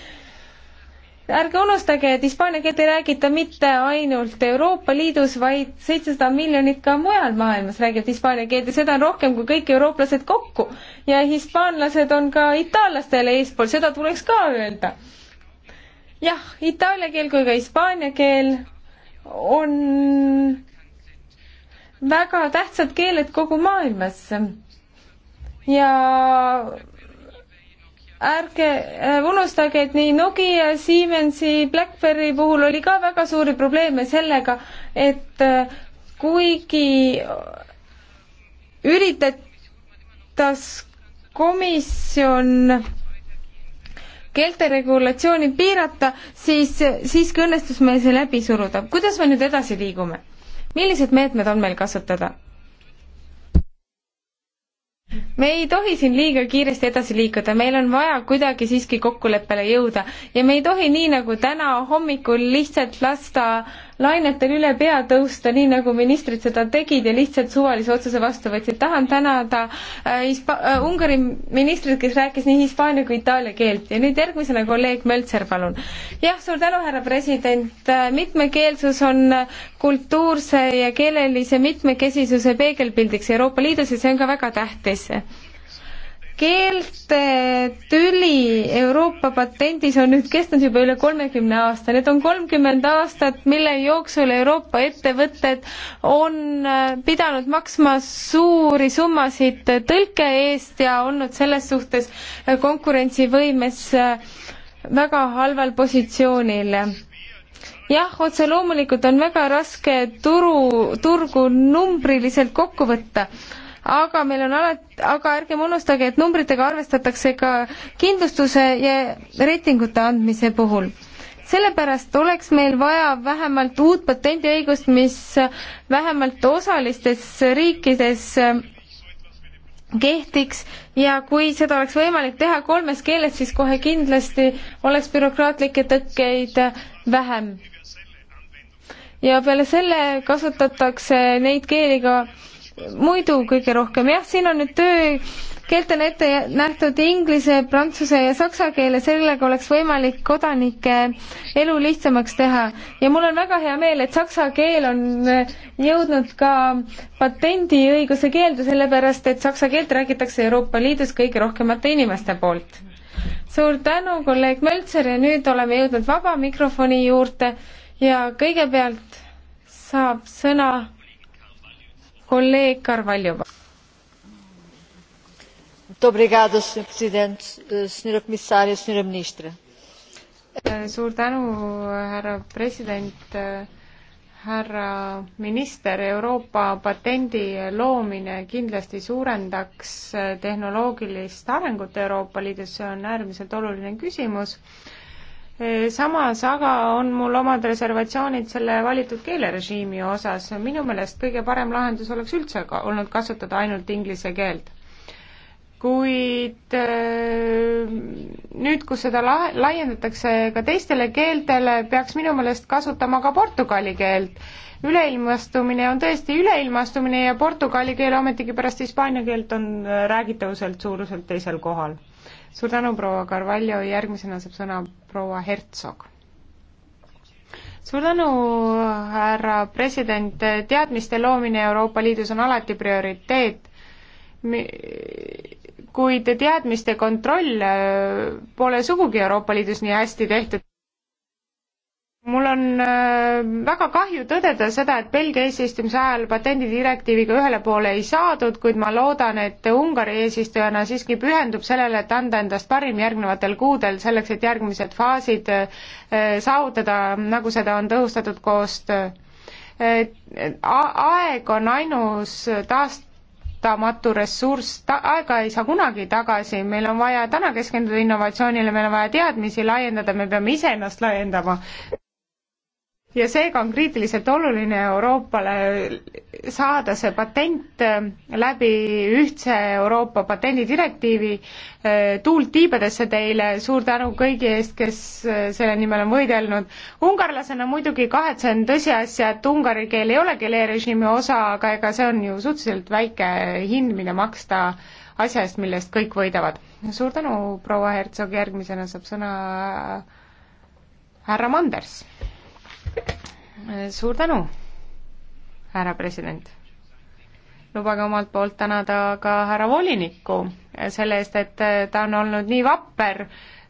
B: ärge unustage, et hispaania keelt ei räägita mitte ainult Euroopa Liidus, vaid seitsesada miljonit ka mujal maailmas räägivad hispaania keelt ja seda on rohkem kui kõik eurooplased kokku. ja hispaanlased on ka itaallastele eespool, seda tuleks ka öelda. jah, itaalia keel kui ka hispaania keel on väga tähtsad keeled kogu maailmas. ja ärge äh, unustage, et nii Nokia, Siemensi, Blackberry puhul oli ka väga suuri probleeme sellega, et äh, kuigi üritatas komisjon keelte regulatsiooni piirata, siis siiski õnnestus meil see läbi suruda. kuidas me nüüd edasi liigume? millised meetmed on meil kasutada? me ei tohi siin liiga kiiresti edasi liikuda, meil on vaja kuidagi siiski kokkuleppele jõuda ja me ei tohi nii nagu täna hommikul lihtsalt lasta äh, lainetel üle pea tõusta, nii nagu ministrid seda tegid ja lihtsalt suvalise otsuse vastu võtsid. tahan tänada Hispa- äh, äh,, Ungari ministrit, kes rääkis nii hispaania kui itaalia keelt ja nüüd järgmisena kolleeg Möltser, palun. jah, suur tänu, härra president, äh, mitmekeelsus on kultuurse ja keelelise mitmekesisuse peegelpildiks Euroopa Liidus ja see on ka väga tähtis keelte tüli Euroopa patendis on nüüd kestnud juba üle kolmekümne aasta, need on kolmkümmend aastat, mille jooksul Euroopa ettevõtted on äh, pidanud maksma suuri summasid tõlke eest ja olnud selles suhtes äh, konkurentsivõimes äh, väga halval positsioonil jah, otse loomulikult on väga raske turu, turgu numbriliselt kokku võtta aga meil on alati, aga ärgem unustage, et numbritega arvestatakse ka kindlustuse ja reitingute andmise puhul sellepärast oleks meil vaja vähemalt uut patendiõigust, mis vähemalt osalistes riikides kehtiks ja kui seda oleks võimalik teha kolmes keeles, siis kohe kindlasti oleks bürokraatlikke tõkkeid vähem. ja peale selle kasutatakse neid keeli ka muidu kõige rohkem, jah, siin on nüüd töökeelt on ette nähtud inglise, prantsuse ja saksa keele, sellega oleks võimalik kodanike elu lihtsamaks teha. ja mul on väga hea meel, et saksa keel on jõudnud ka patendiõiguse keelde, sellepärast et saksa keelt räägitakse Euroopa Liidus kõige rohkemate inimeste poolt. suur tänu, kolleeg Möltser ja nüüd oleme jõudnud vaba mikrofoni juurde ja kõigepealt saab sõna kolleeg Carvalho. Eh,
D: eh, suur tänu, härra president, eh, härra minister, Euroopa patendi loomine kindlasti suurendaks tehnoloogilist arengut Euroopa Liidus, see on äärmiselt oluline küsimus samas aga on mul omad reservatsioonid selle valitud keelerežiimi osas. minu meelest kõige parem lahendus oleks üldse ka, olnud kasutada ainult inglise keelt. kuid nüüd, kus seda la-, laiendatakse ka teistele keeltele, peaks minu meelest kasutama ka portugali keelt. üleilmastumine on tõesti üleilmastumine ja portugali keel ometigi pärast hispaania keelt on räägitavuselt suuruselt teisel kohal suur tänu, proua Carvalho, järgmisena saab sõna proua Hertsog suur tänu, härra president, teadmiste loomine Euroopa Liidus on alati prioriteet, kuid teadmiste kontroll äh, pole sugugi Euroopa Liidus nii hästi tehtud mul on äh, väga kahju tõdeda seda, et Belgia eesistumise ajal patendidirektiiviga ühele poole ei saadud, kuid ma loodan, et Ungari eesistujana siiski pühendub sellele, et anda endast parim järgnevatel kuudel selleks, et järgmised faasid äh, saavutada, nagu seda on tõhustatud koostöö. Äh, aeg on ainus taast-, taastamatu ressurss, ta-, aega ei saa kunagi tagasi, meil on vaja täna keskenduda innovatsioonile, meil on vaja teadmisi laiendada, me peame iseennast laiendama ja seega on kriitiliselt oluline Euroopale saada see patent äh, läbi ühtse Euroopa patendidirektiivi. Äh, tuult tiibadesse teile, suur tänu kõigi eest, kes äh, selle nimel on võidelnud. ungarlasena muidugi kahetsen tõsiasja, et ungari keel ei ole keelerežiimi osa, aga ega see on ju suhteliselt väike hind, mida maksta asja eest, millest kõik võidavad. suur tänu, proua Hertsog, järgmisena saab sõna härra Manders suur tänu, härra president. lubage omalt poolt tänada ka härra volinikku selle eest, et äh, ta on olnud nii vapper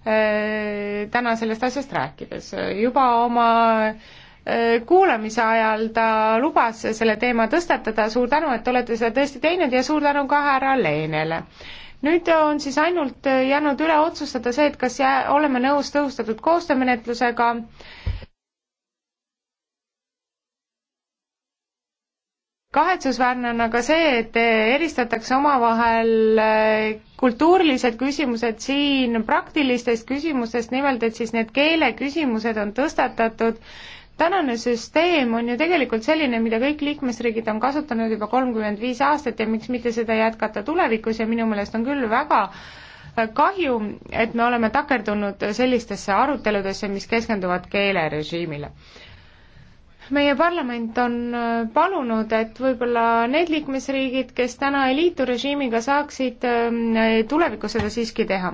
D: äh, täna sellest asjast rääkides. juba oma äh, kuulamise ajal ta lubas selle teema tõstatada, suur tänu, et olete seda tõesti teinud ja suur tänu ka härra Leenele nüüd on siis ainult jäänud üle otsustada see, et kas jää, oleme nõus tõhustatud koostöömenetlusega äh, kahetsusväärne on aga see, et eristatakse omavahel äh, kultuurilised küsimused siin praktilistest küsimustest, nimelt et siis need keeleküsimused on tõstatatud. tänane süsteem on ju tegelikult selline, mida kõik liikmesriigid on kasutanud juba kolmkümmend viis aastat ja miks mitte seda jätkata tulevikus ja minu meelest on küll väga äh, kahju, et me oleme takerdunud sellistesse aruteludesse, mis keskenduvad keelerežiimile meie parlament on äh, palunud, et võib-olla need liikmesriigid, kes täna ei liitu režiimiga, saaksid ähm, tulevikus seda siiski teha.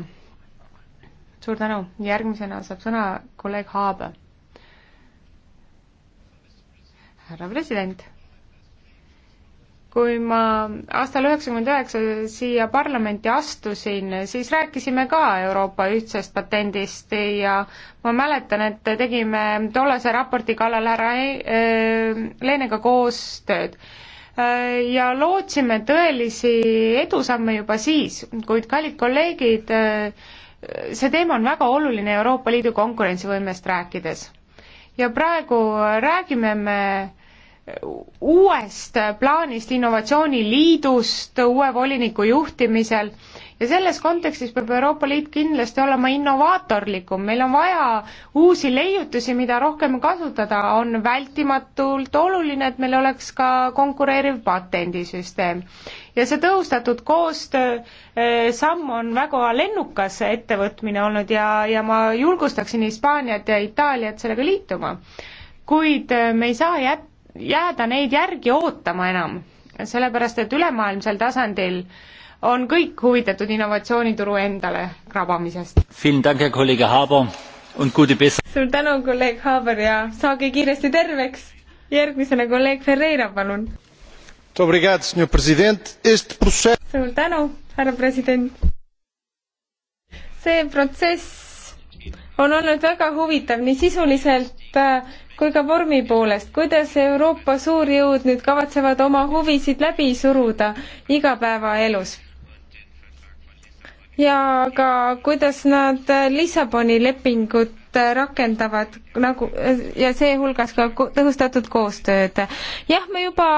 D: suur tänu, järgmisena saab sõna kolleeg Haabe. härra president kui ma aastal üheksakümmend üheksa siia parlamenti astusin, siis rääkisime ka Euroopa ühtsest patendist ja ma mäletan, et tegime tollase raporti kallal härra äh, Leenega koostööd. Äh, ja lootsime tõelisi edusamme juba siis, kuid kallid kolleegid, äh, see teema on väga oluline Euroopa Liidu konkurentsivõimest rääkides. ja praegu räägime me uuest plaanist, innovatsiooniliidust uue voliniku juhtimisel ja selles kontekstis peab Euroopa Liit kindlasti olema innovaatorlikum, meil on vaja uusi leiutusi, mida rohkem kasutada, on vältimatult oluline, et meil oleks ka konkureeriv patendisüsteem. ja see tõhustatud koostöö eh, samm on väga lennukas ettevõtmine olnud ja, ja ma julgustaksin Hispaaniat ja Itaaliat sellega liituma. kuid eh, me ei saa jätta jääda neid järgi ootama enam, sellepärast et ülemaailmsel tasandil on kõik huvitatud innovatsioonituru endale krabamisest. suur tänu, kolleeg Haaber ja saage kiiresti terveks.
B: järgmisena kolleeg Ferreira, palun. suur tänu, härra president. see protsess on olnud väga huvitav nii sisuliselt äh, kui ka vormi poolest, kuidas Euroopa suurjõud nüüd kavatsevad oma huvisid läbi suruda igapäevaelus? ja ka kuidas nad Lissaboni lepingut rakendavad nagu ja seehulgas ka tõhustatud koostööd. jah, me juba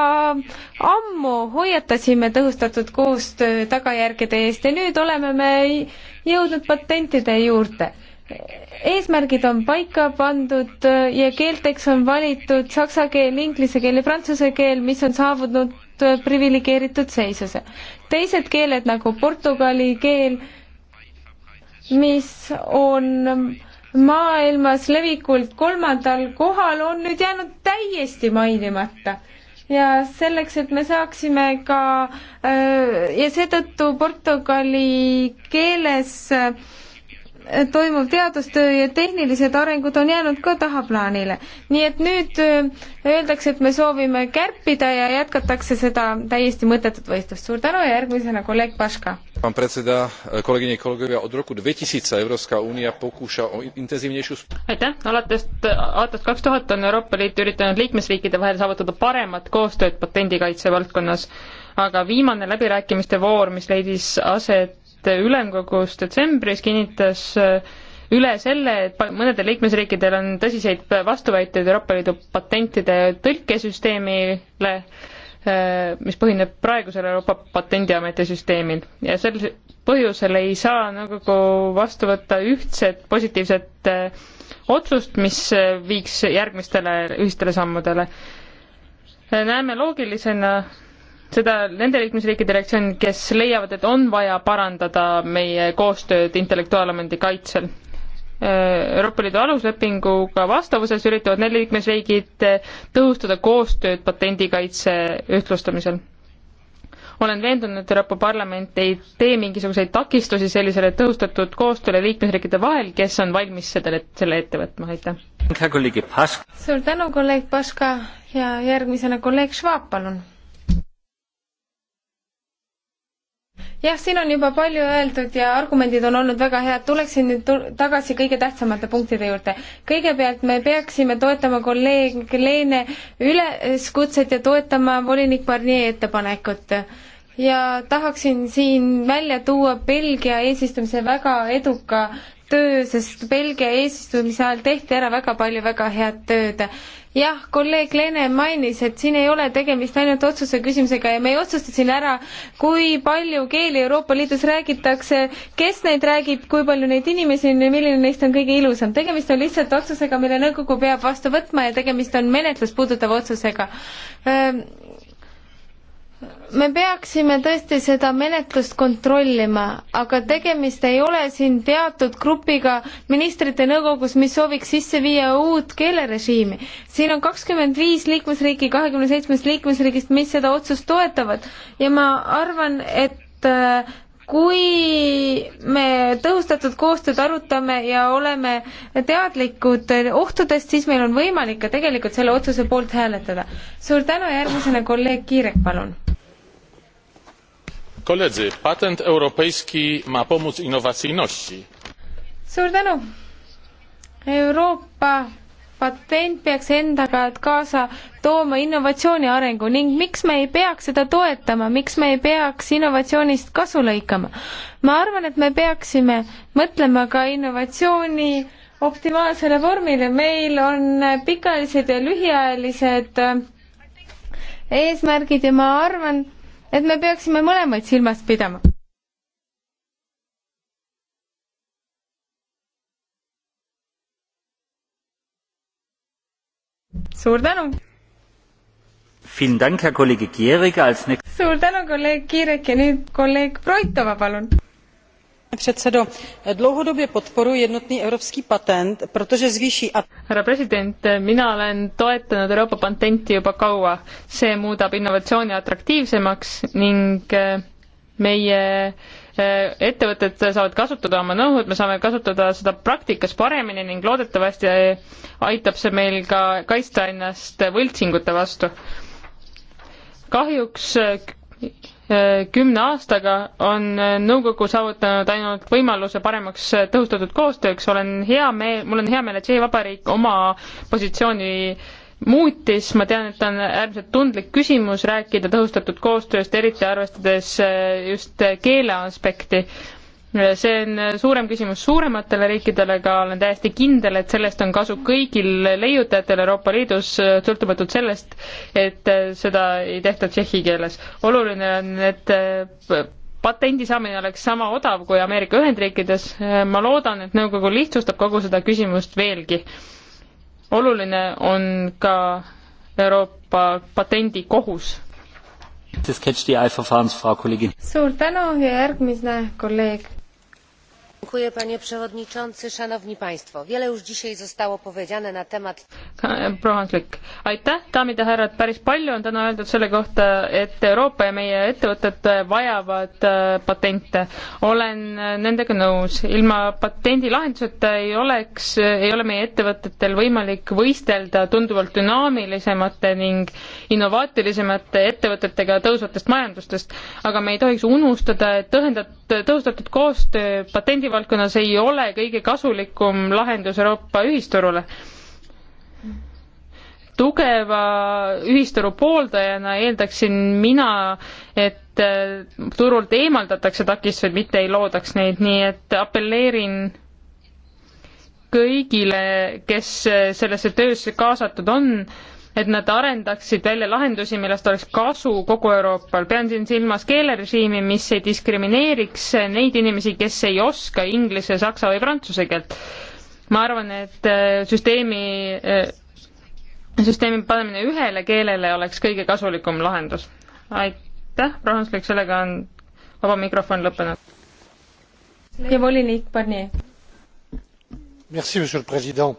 B: ammu hoiatasime tõhustatud koostöö tagajärgede eest ja nüüd oleme me jõudnud patentide juurde eesmärgid on paika pandud äh, ja keelteks on valitud saksa keel, inglise keel ja prantsuse keel, mis on saavutanud äh, priviligeeritud seisuse. teised keeled nagu portugali keel, mis on maailmas levikult kolmandal kohal, on nüüd jäänud täiesti mainimata ja selleks, et me saaksime ka äh, ja seetõttu portugali keeles äh, toimuv teadustöö ja tehnilised arengud on jäänud ka tahaplaanile. nii et nüüd äh, öeldakse, et me soovime kärpida ja jätkatakse seda täiesti mõttetut võistlust. suur tänu ja järgmisena
E: kolleeg Paška.
A: Pán predseda, äh, kolegyne, kolegovia, od roku 2000 Európska únia pokúša o intenzívnejšiu...
E: Aitäh! Alates äh, aastast 2000 on Euroopa Liit üritanud liikmesriikide vahel saavutada paremat koostööd patendikaitse valdkonnas, aga viimane läbirääkimiste voor, mis leidis aset et ülemkogus detsembris kinnitas äh, üle selle, et mõnedel liikmesriikidel on tõsiseid vastuväiteid Euroopa Liidu patentide tõlkesüsteemile, äh, mis põhineb praegusel Euroopa Patendiameti süsteemil ja sel põhjusel ei saa nõukogu vastu võtta ühtset positiivset äh, otsust, mis viiks järgmistele ühistele sammudele. näeme loogilisena, seda nende liikmesriikide reaktsioon, kes leiavad, et on vaja parandada meie koostööd intellektuaalomandi kaitsel. Euroopa Liidu aluslepinguga vastavuses üritavad need liikmesriigid tõhustada koostööd patendikaitse ühtlustamisel. olen veendunud, et Euroopa Parlament ei tee mingisuguseid takistusi sellisele tõhustatud koostööle liikmesriikide vahel, kes on valmis sellele, selle ette võtma,
C: aitäh. suur
B: tänu, kolleeg Paska ja järgmisena kolleeg Švaab, palun jah, siin on juba palju öeldud ja argumendid on olnud väga head, tuleksin nüüd tagasi kõige tähtsamate punktide juurde. kõigepealt me peaksime toetama kolleeg Leene üleskutset ja toetama volinik Barnier ettepanekut. ja tahaksin siin välja tuua Belgia eesistumise väga eduka töö, sest Belgia eesistumise ajal tehti ära väga palju väga head tööd jah, kolleeg Lene mainis, et siin ei ole tegemist ainult otsuse küsimusega ja me ei otsusta siin ära, kui palju keeli Euroopa Liidus räägitakse, kes neid räägib, kui palju neid inimesi on ja milline neist on kõige ilusam. tegemist on lihtsalt otsusega, mille nõukogu peab vastu võtma ja tegemist on menetlust puudutava otsusega me peaksime tõesti seda menetlust kontrollima, aga tegemist ei ole siin teatud grupiga ministrite nõukogus, mis sooviks sisse viia uut keelerežiimi. siin on kakskümmend viis liikmesriiki kahekümne seitsmest liikmesriigist, mis seda otsust toetavad ja ma arvan, et äh, kui me tõhustatud koostööd arutame ja oleme teadlikud ohtudest, siis meil on võimalik ka tegelikult selle otsuse poolt hääletada. suur tänu, järgmisena kolleeg Kiirek, palun
C: patent europejski ma pomóc innowacyjności.
B: suur tänu! euroopa patent peaks endaga kaasa tooma innovatsiooni arengu ning miks me ei peaks seda toetama, miks me ei peaks innovatsioonist kasu lõikama? ma arvan, et me peaksime mõtlema ka innovatsiooni optimaalsele vormile, meil on pikaajalised ja lühiajalised eesmärgid ja ma arvan, et me peaksime mõlemaid silmas pidama.
E: suur tänu!
C: suur tänu, kolleeg
B: Kiirek ja nüüd kolleeg
E: Proitova, palun! dlouhodobě podporuji jednotný evropský patent protože zvýší. mina olen toetanud euroopa patenti juba kaua see muudab innovatsiooni atraktiivsemaks ning eh, meie eh, ettevõtted saavad kasutada oma nõud, me saame kasutada seda praktikas paremini ning loodetavasti eh, aitab see meil ka kaitsta ennast võltsingute vastu. kahjuks kümne aastaga on nõukogu saavutanud ainult võimaluse paremaks tõhustatud koostööks, olen hea meel, mul on hea meel, et Tšehhi Vabariik oma positsiooni muutis, ma tean, et on äärmiselt tundlik küsimus rääkida tõhustatud koostööst, eriti arvestades äh, just keele aspekti see on suurem küsimus suurematele riikidele, aga olen täiesti kindel, et sellest on kasu kõigil leiutajatel Euroopa Liidus, sõltumatult sellest, et seda ei tehta tšehhi keeles. oluline on, et patendi saamine oleks sama odav kui Ameerika Ühendriikides. ma loodan, et nõukogu lihtsustab kogu seda küsimust veelgi. oluline on ka Euroopa patendikohus suur tänu
B: ja järgmine kolleeg
D: panie przewodniczący! szanowni państwo! wiele już dzisiaj zostało powiedziane na temat. E, aitäh daamid ja härrad
E: päris palju on täna öeldud selle kohta et euroopa ja meie ettevõtted äh, vajavad äh, patente olen äh, nendega nõus ilma patendilahenduseta ei oleks ei ole meie ettevõtetel võimalik võistelda tunduvalt dünaamilisemate ning innovaatilisemate ettevõtetega tõusvatest majandustest aga me ei tohiks unustada et õhendatud tõhustatud koostöö patendivaldkonnas ei ole kõige kasulikum lahendus Euroopa ühisturule. tugeva ühisturu pooldajana eeldaksin mina, et turult eemaldatakse takistused, mitte ei loodaks neid, nii et apelleerin kõigile, kes sellesse töösse kaasatud on et nad arendaksid välja lahendusi, millest oleks kasu kogu Euroopal. pean siin silmas keelerežiimi, mis ei diskrimineeriks neid inimesi, kes ei oska inglise, saksa või prantsuse keelt. ma arvan, et äh, süsteemi, äh, süsteemi panemine ühele keelele oleks kõige kasulikum lahendus. aitäh, rahanduslik, sellega on vaba
C: mikrofon lõppenud.
B: ja volinik Barnier.
C: Merci, monsieur le president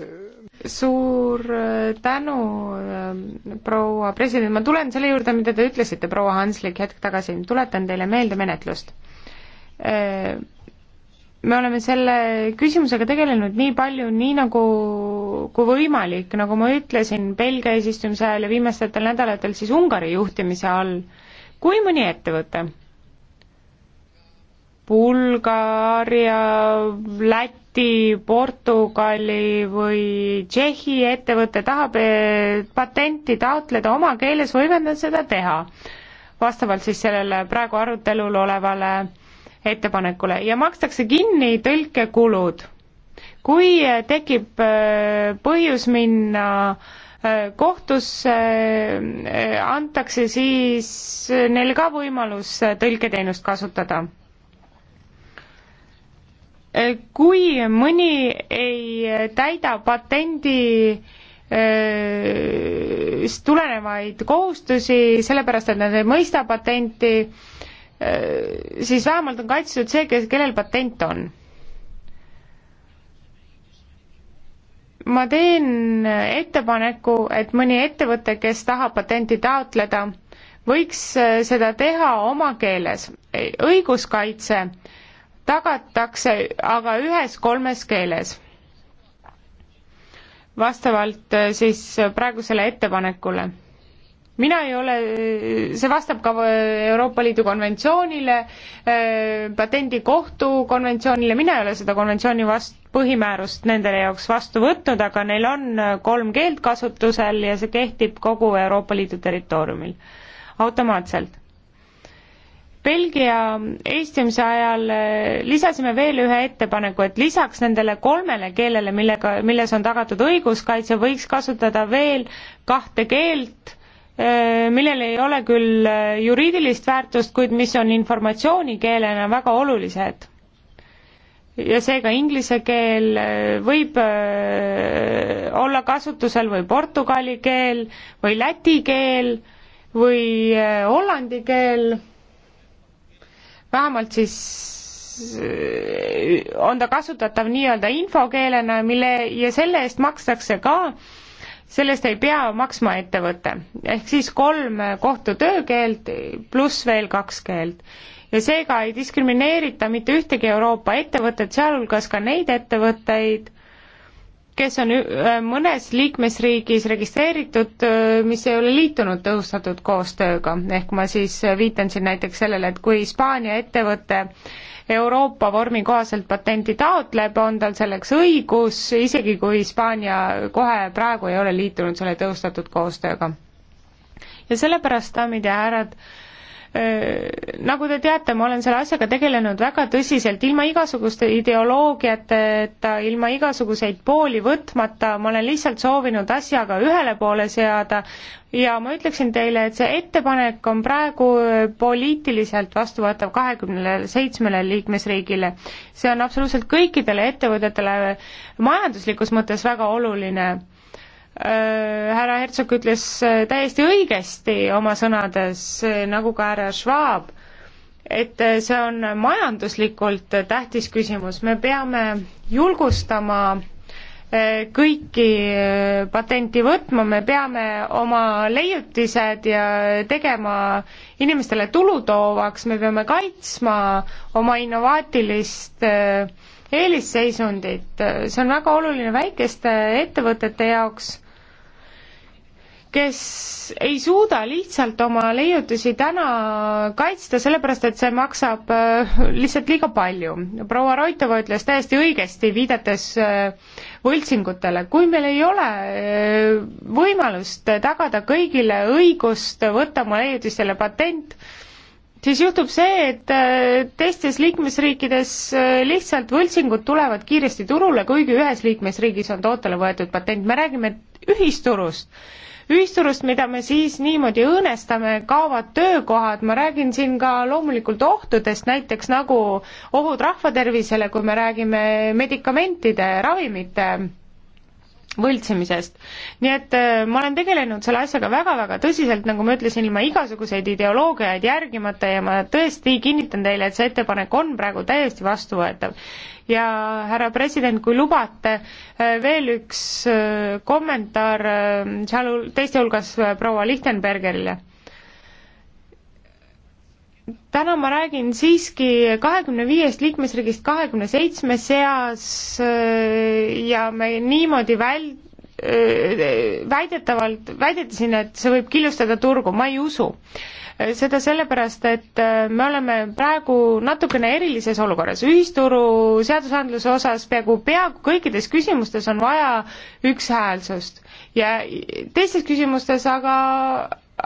D: euh, suur äh, tänu, äh, proua president, ma tulen selle juurde, mida te ütlesite, proua Hanslik, hetk tagasi, tuletan teile meelde menetlust. Äh, me oleme selle küsimusega tegelenud nii palju, nii nagu, kui võimalik, nagu ma ütlesin, Belgia eesistumise ajal ja viimastel nädalatel siis Ungari juhtimise all, kui mõni ettevõte Bulgaaria, Läti, Portugali või Tšehhi ettevõte tahab patenti taotleda oma keeles, võime nad seda teha vastavalt siis sellele praegu arutelul olevale ettepanekule ja makstakse kinni tõlkekulud. kui tekib äh, põhjus minna äh, kohtusse, äh, antakse siis neile ka võimalus tõlketeenust kasutada Äh, kui mõni ei täida patendi äh, tulenevaid kohustusi, sellepärast et nad ei mõista patenti, äh, siis vähemalt on kaitstud see, kes, kellel patent on. ma teen ettepaneku, et mõni ettevõte, kes tahab patenti taotleda, võiks seda teha oma keeles. õiguskaitse äh, tagatakse aga ühes kolmes keeles. vastavalt äh, siis äh, praegusele ettepanekule. mina ei ole, äh, see vastab ka Euroopa Liidu konventsioonile, patendikohtu konventsioonile, mina ei ole seda konventsiooni vast-, põhimäärust nendele jaoks vastu võtnud, aga neil on kolm keelt kasutusel ja see kehtib kogu Euroopa Liidu territooriumil automaatselt Belgia eestimise ajal äh, lisasime veel ühe ettepaneku, et lisaks nendele kolmele keelele, millega, milles on tagatud õiguskaitse, võiks kasutada veel kahte keelt, äh, millel ei ole küll äh, juriidilist väärtust, kuid mis on informatsioonikeelena väga olulised. ja seega inglise keel võib olla kasutusel või portugali keel või läti keel või hollandi keel vähemalt siis äh, on ta kasutatav nii-öelda infokeelena, mille ja selle eest makstakse ka, sellest ei pea maksma ettevõte. ehk siis kolm kohtu töökeelt pluss veel kaks keelt. ja seega ei diskrimineerita mitte ühtegi Euroopa ettevõtet, sealhulgas ka neid ettevõtteid, kes on äh, mõnes liikmesriigis registreeritud, äh, mis ei ole liitunud tõhustatud koostööga, ehk ma siis äh, viitan siin näiteks sellele, et kui Hispaania ettevõte Euroopa vormi kohaselt patenti taotleb, on tal selleks õigus, isegi kui Hispaania kohe praegu ei ole liitunud selle tõhustatud koostööga. ja sellepärast, daamid ja härrad, nagu te teate, ma olen selle asjaga tegelenud väga tõsiselt, ilma igasuguste ideoloogiateta, ilma igasuguseid pooli võtmata, ma olen lihtsalt soovinud asjaga ühele poole seada ja ma ütleksin teile, et see ettepanek on praegu poliitiliselt vastuvõetav kahekümnele seitsmele liikmesriigile. see on absoluutselt kõikidele ettevõtetele majanduslikus mõttes väga oluline Äh, härra Hertsog ütles äh, täiesti õigesti oma sõnades, äh, nagu ka härra Schwab, et see on majanduslikult tähtis küsimus, me peame julgustama kõiki patenti võtma, me peame oma leiutised ja tegema inimestele tulu toovaks, me peame kaitsma oma innovaatilist eelisseisundit, see on väga oluline väikeste ettevõtete jaoks kes ei suuda lihtsalt oma leiutisi täna kaitsta, sellepärast et see maksab äh, lihtsalt liiga palju. proua Roitova ütles täiesti õigesti, viidates äh, võltsingutele, kui meil ei ole äh, võimalust tagada kõigile õigust võtta oma leiutistele patent, siis juhtub see, et teistes liikmesriikides lihtsalt võltsingud tulevad kiiresti turule, kuigi ühes liikmesriigis on tootele võetud patent, me räägime ühisturust ühisturust, mida me siis niimoodi õõnestame, kaovad töökohad, ma räägin siin ka loomulikult ohtudest, näiteks nagu ohud rahvatervisele, kui me räägime medikamentide, ravimite võltsimisest. nii et äh, ma olen tegelenud selle asjaga väga-väga tõsiselt, nagu ma ütlesin, ilma igasuguseid ideoloogiaid järgimata ja ma tõesti kinnitan teile, et see ettepanek on praegu täiesti vastuvõetav. ja härra president, kui lubate, äh, veel üks äh, kommentaar seal teiste hulgas proua Lichtenbergerile täna ma räägin siiski kahekümne viiest liikmesriigist kahekümne seitsme seas äh, ja me niimoodi väl-, äh, väidetavalt, väidetasin, et see võib killustada turgu, ma ei usu. Äh, seda sellepärast, et me oleme praegu natukene erilises olukorras, ühisturu seadusandluse osas peaaegu, peaaegu kõikides küsimustes on vaja ükshäälsust ja teistes küsimustes aga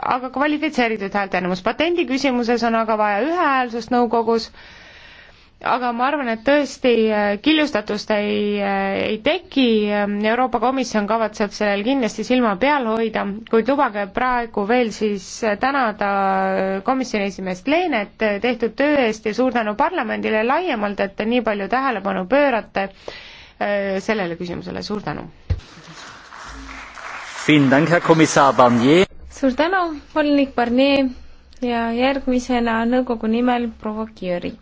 D: aga kvalifitseeritud häälteenamus. patendi küsimuses on aga vaja ühehäälsust nõukogus, aga ma arvan, et tõesti äh, killustatust ei, äh, ei teki, Euroopa Komisjon kavatseb sellel kindlasti silma peal hoida, kuid lubage praegu veel siis äh, tänada komisjoni esimeest Leenet tehtud töö eest ja suur tänu parlamendile laiemalt, et te nii palju tähelepanu pöörate sellele küsimusele, suur tänu!
C: Vielen Dank, Herr Kommissar Barnier
B: suur tänu, volinik Barnier ja järgmisena nõukogu nimel proua Kiöri.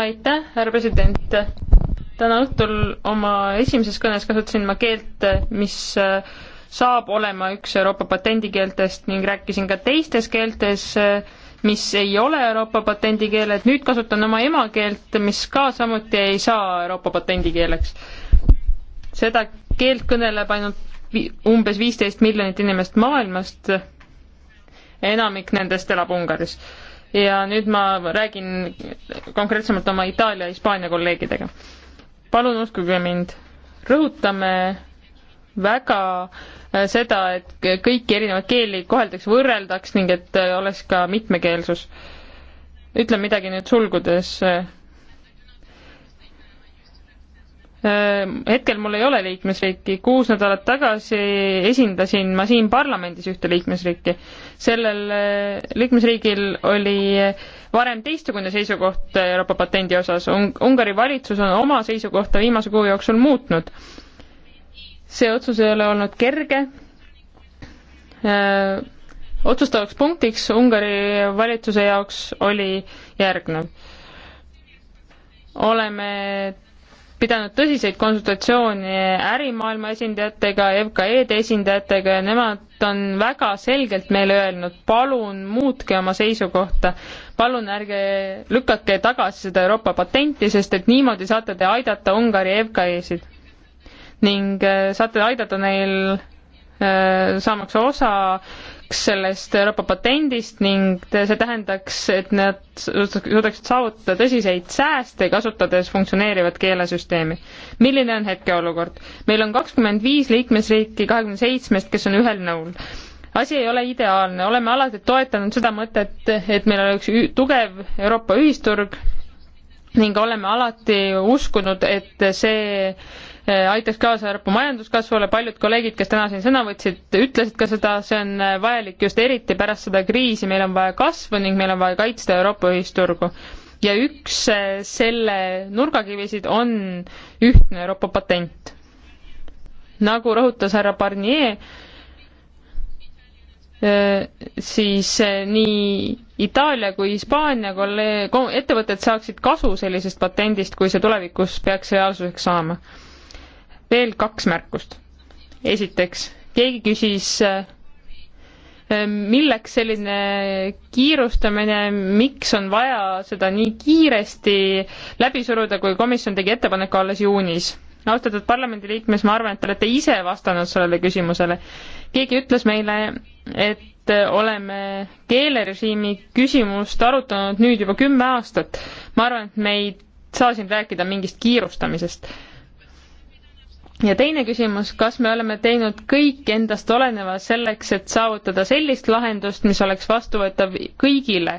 E: aitäh, härra president. täna õhtul oma esimeses kõnes kasutasin ma keelt, mis saab olema üks Euroopa patendikeeltest ning rääkisin ka teistes keeltes äh, mis ei ole Euroopa patendikeeled, nüüd kasutan oma emakeelt, mis ka samuti ei saa Euroopa patendikeeleks. seda keelt kõneleb ainult umbes viisteist miljonit inimest maailmast, enamik nendest elab Ungaris. ja nüüd ma räägin konkreetsemalt oma Itaalia ja Hispaania kolleegidega. palun uskuge mind, rõhutame väga äh, seda, et kõiki erinevaid keeli koheldaks, võrreldaks ning et äh, oleks ka mitmekeelsus. ütlen midagi nüüd sulgudes. Äh, hetkel mul ei ole liikmesriiki, kuus nädalat tagasi esindasin ma siin parlamendis ühte liikmesriiki. sellel liikmesriigil oli varem teistsugune seisukoht Euroopa patendi osas Un, Ungari valitsus on oma seisukohta viimase kuu jooksul muutnud see otsus ei ole olnud kerge. Äh, otsustavaks punktiks Ungari valitsuse jaoks oli järgnev. oleme pidanud tõsiseid konsultatsioone ärimaailma esindajatega, FKE-de esindajatega ja nemad on väga selgelt meile öelnud, palun muutke oma seisukohta, palun ärge lükake tagasi seda Euroopa patenti, sest et niimoodi saate te aidata Ungari FKE-sid ning äh, saate aidata neil äh, saamaks osaks sellest Euroopa patendist ning see tähendaks, et nad suudaksid saavutada tõsiseid sääste, kasutades funktsioneerivat keelesüsteemi. milline on hetkeolukord? meil on kakskümmend viis liikmesriiki kahekümne seitsmest, kes on ühel nõul asi ei ole ideaalne, oleme alati toetanud seda mõtet, et meil oleks tugev Euroopa ühisturg ning oleme alati uskunud, et see aitaks kaasa Euroopa majanduskasvule, paljud kolleegid, kes täna siin sõna võtsid, ütlesid ka seda, see on äh, vajalik just eriti pärast seda kriisi, meil on vaja kasvu ning meil on vaja kaitsta Euroopa ühisturgu. ja üks äh, selle nurgakivisid on ühtne Euroopa patent. nagu rõhutas härra Barnier, äh, siis nii Itaalia kui Hispaania kolleeg-, ettevõtted saaksid kasu sellisest patendist, kui see tulevikus peaks reaalsuseks saama veel kaks märkust. esiteks, keegi küsis, äh, äh, milleks selline kiirustamine, miks on vaja seda nii kiiresti läbi suruda, kui komisjon tegi ettepaneku alles juunis? austatud parlamendiliikmes, ma arvan, et te olete ise vastanud sellele küsimusele. keegi ütles meile, et oleme keelerežiimi küsimust arutanud nüüd juba kümme aastat. ma arvan, et me ei saa siin rääkida mingist kiirustamisest ja teine küsimus, kas me oleme teinud kõik endast oleneva selleks, et saavutada sellist lahendust, mis oleks vastuvõetav kõigile,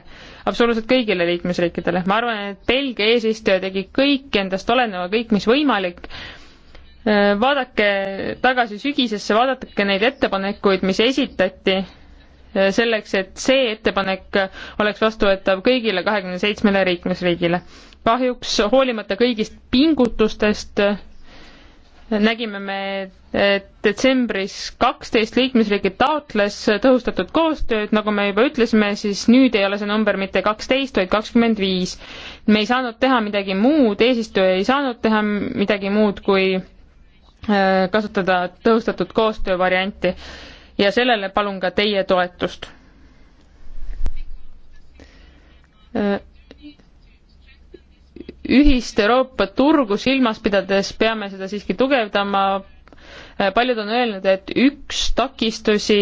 E: absoluutselt kõigile liikmesriikidele. ma arvan, et Belgia eesistuja tegi kõik endast oleneva, kõik, mis võimalik. Äh, vaadake tagasi sügisesse, vaadake neid ettepanekuid, mis esitati äh, selleks, et see ettepanek oleks vastuvõetav kõigile kahekümne seitsmele liikmesriigile. kahjuks hoolimata kõigist pingutustest nägime me, et detsembris kaksteist liikmesriiki taotles tõhustatud koostööd, nagu me juba ütlesime, siis nüüd ei ole see number mitte kaksteist, vaid kakskümmend viis. me ei saanud teha midagi muud, eesistuja ei saanud teha midagi muud, kui äh, kasutada tõhustatud koostöö varianti ja sellele palun ka teie toetust äh, ühist Euroopa turgu silmas pidades peame seda siiski tugevdama. Eh, paljud on öelnud, et üks takistusi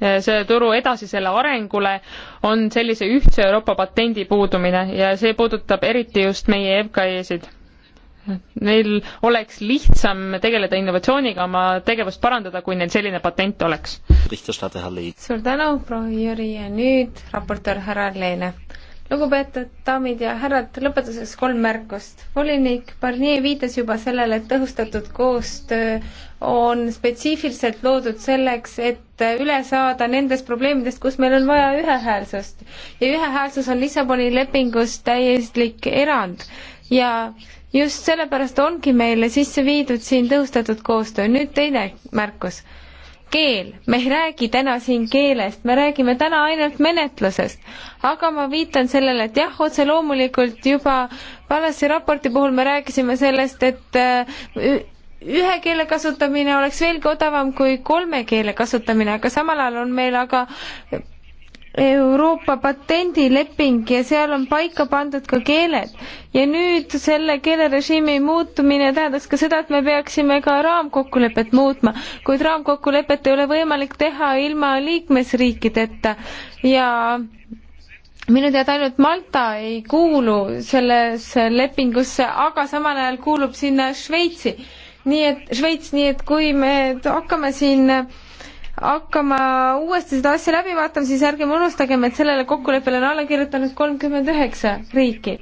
E: eh, selle turu edasisele arengule on sellise ühtse Euroopa patendi puudumine ja see puudutab eriti just meie FKE-sid. Neil oleks lihtsam tegeleda innovatsiooniga, oma tegevust parandada, kui neil selline patent oleks. suur
B: tänu, proua Jüri ja nüüd raportöör härra Leene lugupeetud daamid ja härrad, lõpetuseks kolm märkust. volinik Barnier viitas juba sellele, et tõhustatud koostöö on spetsiifiliselt loodud selleks, et üle saada nendest probleemidest, kus meil on vaja ühehäälsust. ja ühehäälsus on Lissaboni lepingus täieslik erand ja just sellepärast ongi meile sisse viidud siin tõhustatud koostöö. nüüd teine märkus keel, me ei räägi täna siin keelest, me räägime täna ainult menetlusest. aga ma viitan sellele, et jah, otse loomulikult juba Palasi raporti puhul me rääkisime sellest, et äh, ühe keele kasutamine oleks veelgi odavam kui kolme keele kasutamine, aga samal ajal on meil aga Euroopa patendileping ja seal on paika pandud ka keeled. ja nüüd selle keelerežiimi muutumine tähendaks ka seda, et me peaksime ka raamkokkulepet muutma, kuid raamkokkulepet ei ole võimalik teha ilma liikmesriikideta ja minu teada ainult Malta ei kuulu sellesse lepingusse, aga samal ajal kuulub sinna Šveitsi. nii et, Šveits, nii et kui me hakkame siin äh, hakkama uuesti seda asja läbi vaatama, siis ärgem unustagem, et sellele kokkuleppele on alla kirjutanud kolmkümmend üheksa riiki.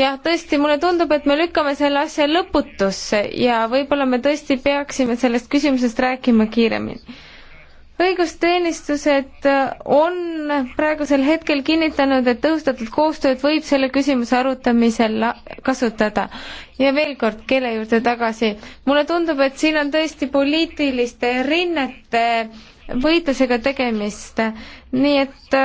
B: jah, tõesti, mulle tundub, et me lükkame selle asja lõputusse ja võib-olla me tõesti peaksime sellest küsimusest rääkima kiiremini õigusteenistused on praegusel hetkel kinnitanud, et tõhustatud koostööd võib selle küsimuse arutamisel kasutada. ja veel kord keele juurde tagasi, mulle tundub, et siin on tõesti poliitiliste rinnete võitlusega tegemist, nii et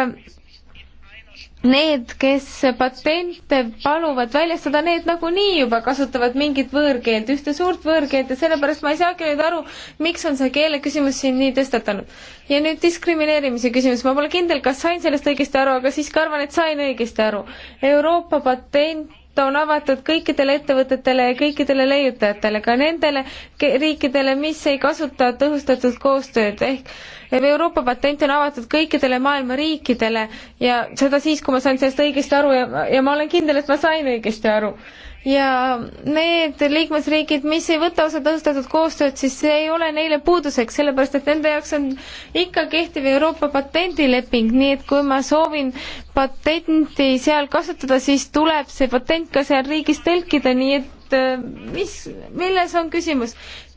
B: need, kes patente paluvad väljastada, need nagunii juba kasutavad mingit võõrkeelt, ühte suurt võõrkeelt ja sellepärast ma ei saagi nüüd aru, miks on see keele küsimus siin nii tõstatanud. ja nüüd diskrimineerimise küsimus, ma pole kindel, kas sain sellest õigesti aru, aga siiski arvan, et sain õigesti aru. Euroopa patent ta on avatud kõikidele ettevõtetele ja kõikidele leiutajatele, ka nendele riikidele, mis ei kasuta tõhustatud koostööd ehk Euroopa patent on avatud kõikidele maailma riikidele ja seda siis, kui ma sain sellest õigesti aru ja, ja ma olen kindel, et ma sain õigesti aru ja need liikmesriigid, mis ei võta osa tõhustatud koostööd, siis see ei ole neile puuduseks, sellepärast et nende jaoks on ikka kehtiv Euroopa patendileping, nii et kui ma soovin patenti seal kasutada, siis tuleb see patent ka seal riigis tõlkida, nii et et äh, mis, milles on küsimus.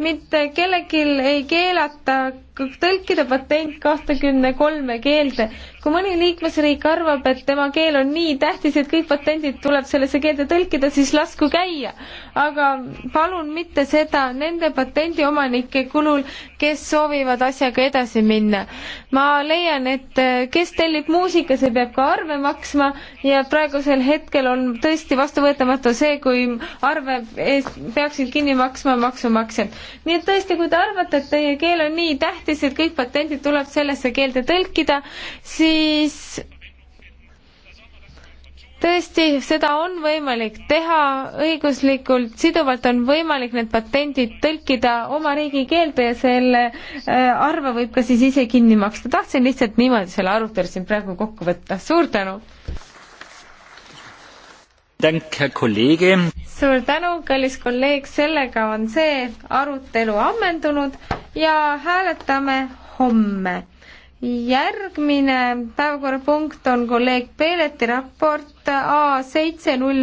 B: mitte kellelgi ei keelata tõlkida patent kahtekümne kolme keelde. kui mõni liikmesriik arvab, et tema keel on nii tähtis, et kõik patendid tuleb sellesse keelde tõlkida, siis lasku käia. aga palun mitte seda nende patendiomanike kulul, kes soovivad asjaga edasi minna. ma leian, et äh, kes tellib muusika, see peab ka arve maksma ja praegusel hetkel on tõesti vastuvõetamatu see, kui arve eest peaksid kinni maksma maksumaksjad. nii et tõesti, kui te arvate, et teie keel on nii tähtis, et kõik patendid tuleb sellesse keelde tõlkida, siis tõesti, seda on võimalik teha õiguslikult, siduvalt on võimalik need patendid tõlkida oma riigikeelde ja selle äh, arve võib ka siis ise kinni maksta. tahtsin lihtsalt niimoodi selle arutelu siin praegu kokku võtta. suur tänu!
C: suur
B: tänu, kallis kolleeg, sellega on see arutelu ammendunud ja hääletame homme. järgmine päevakorrapunkt on kolleeg Peeleti raport A seitse null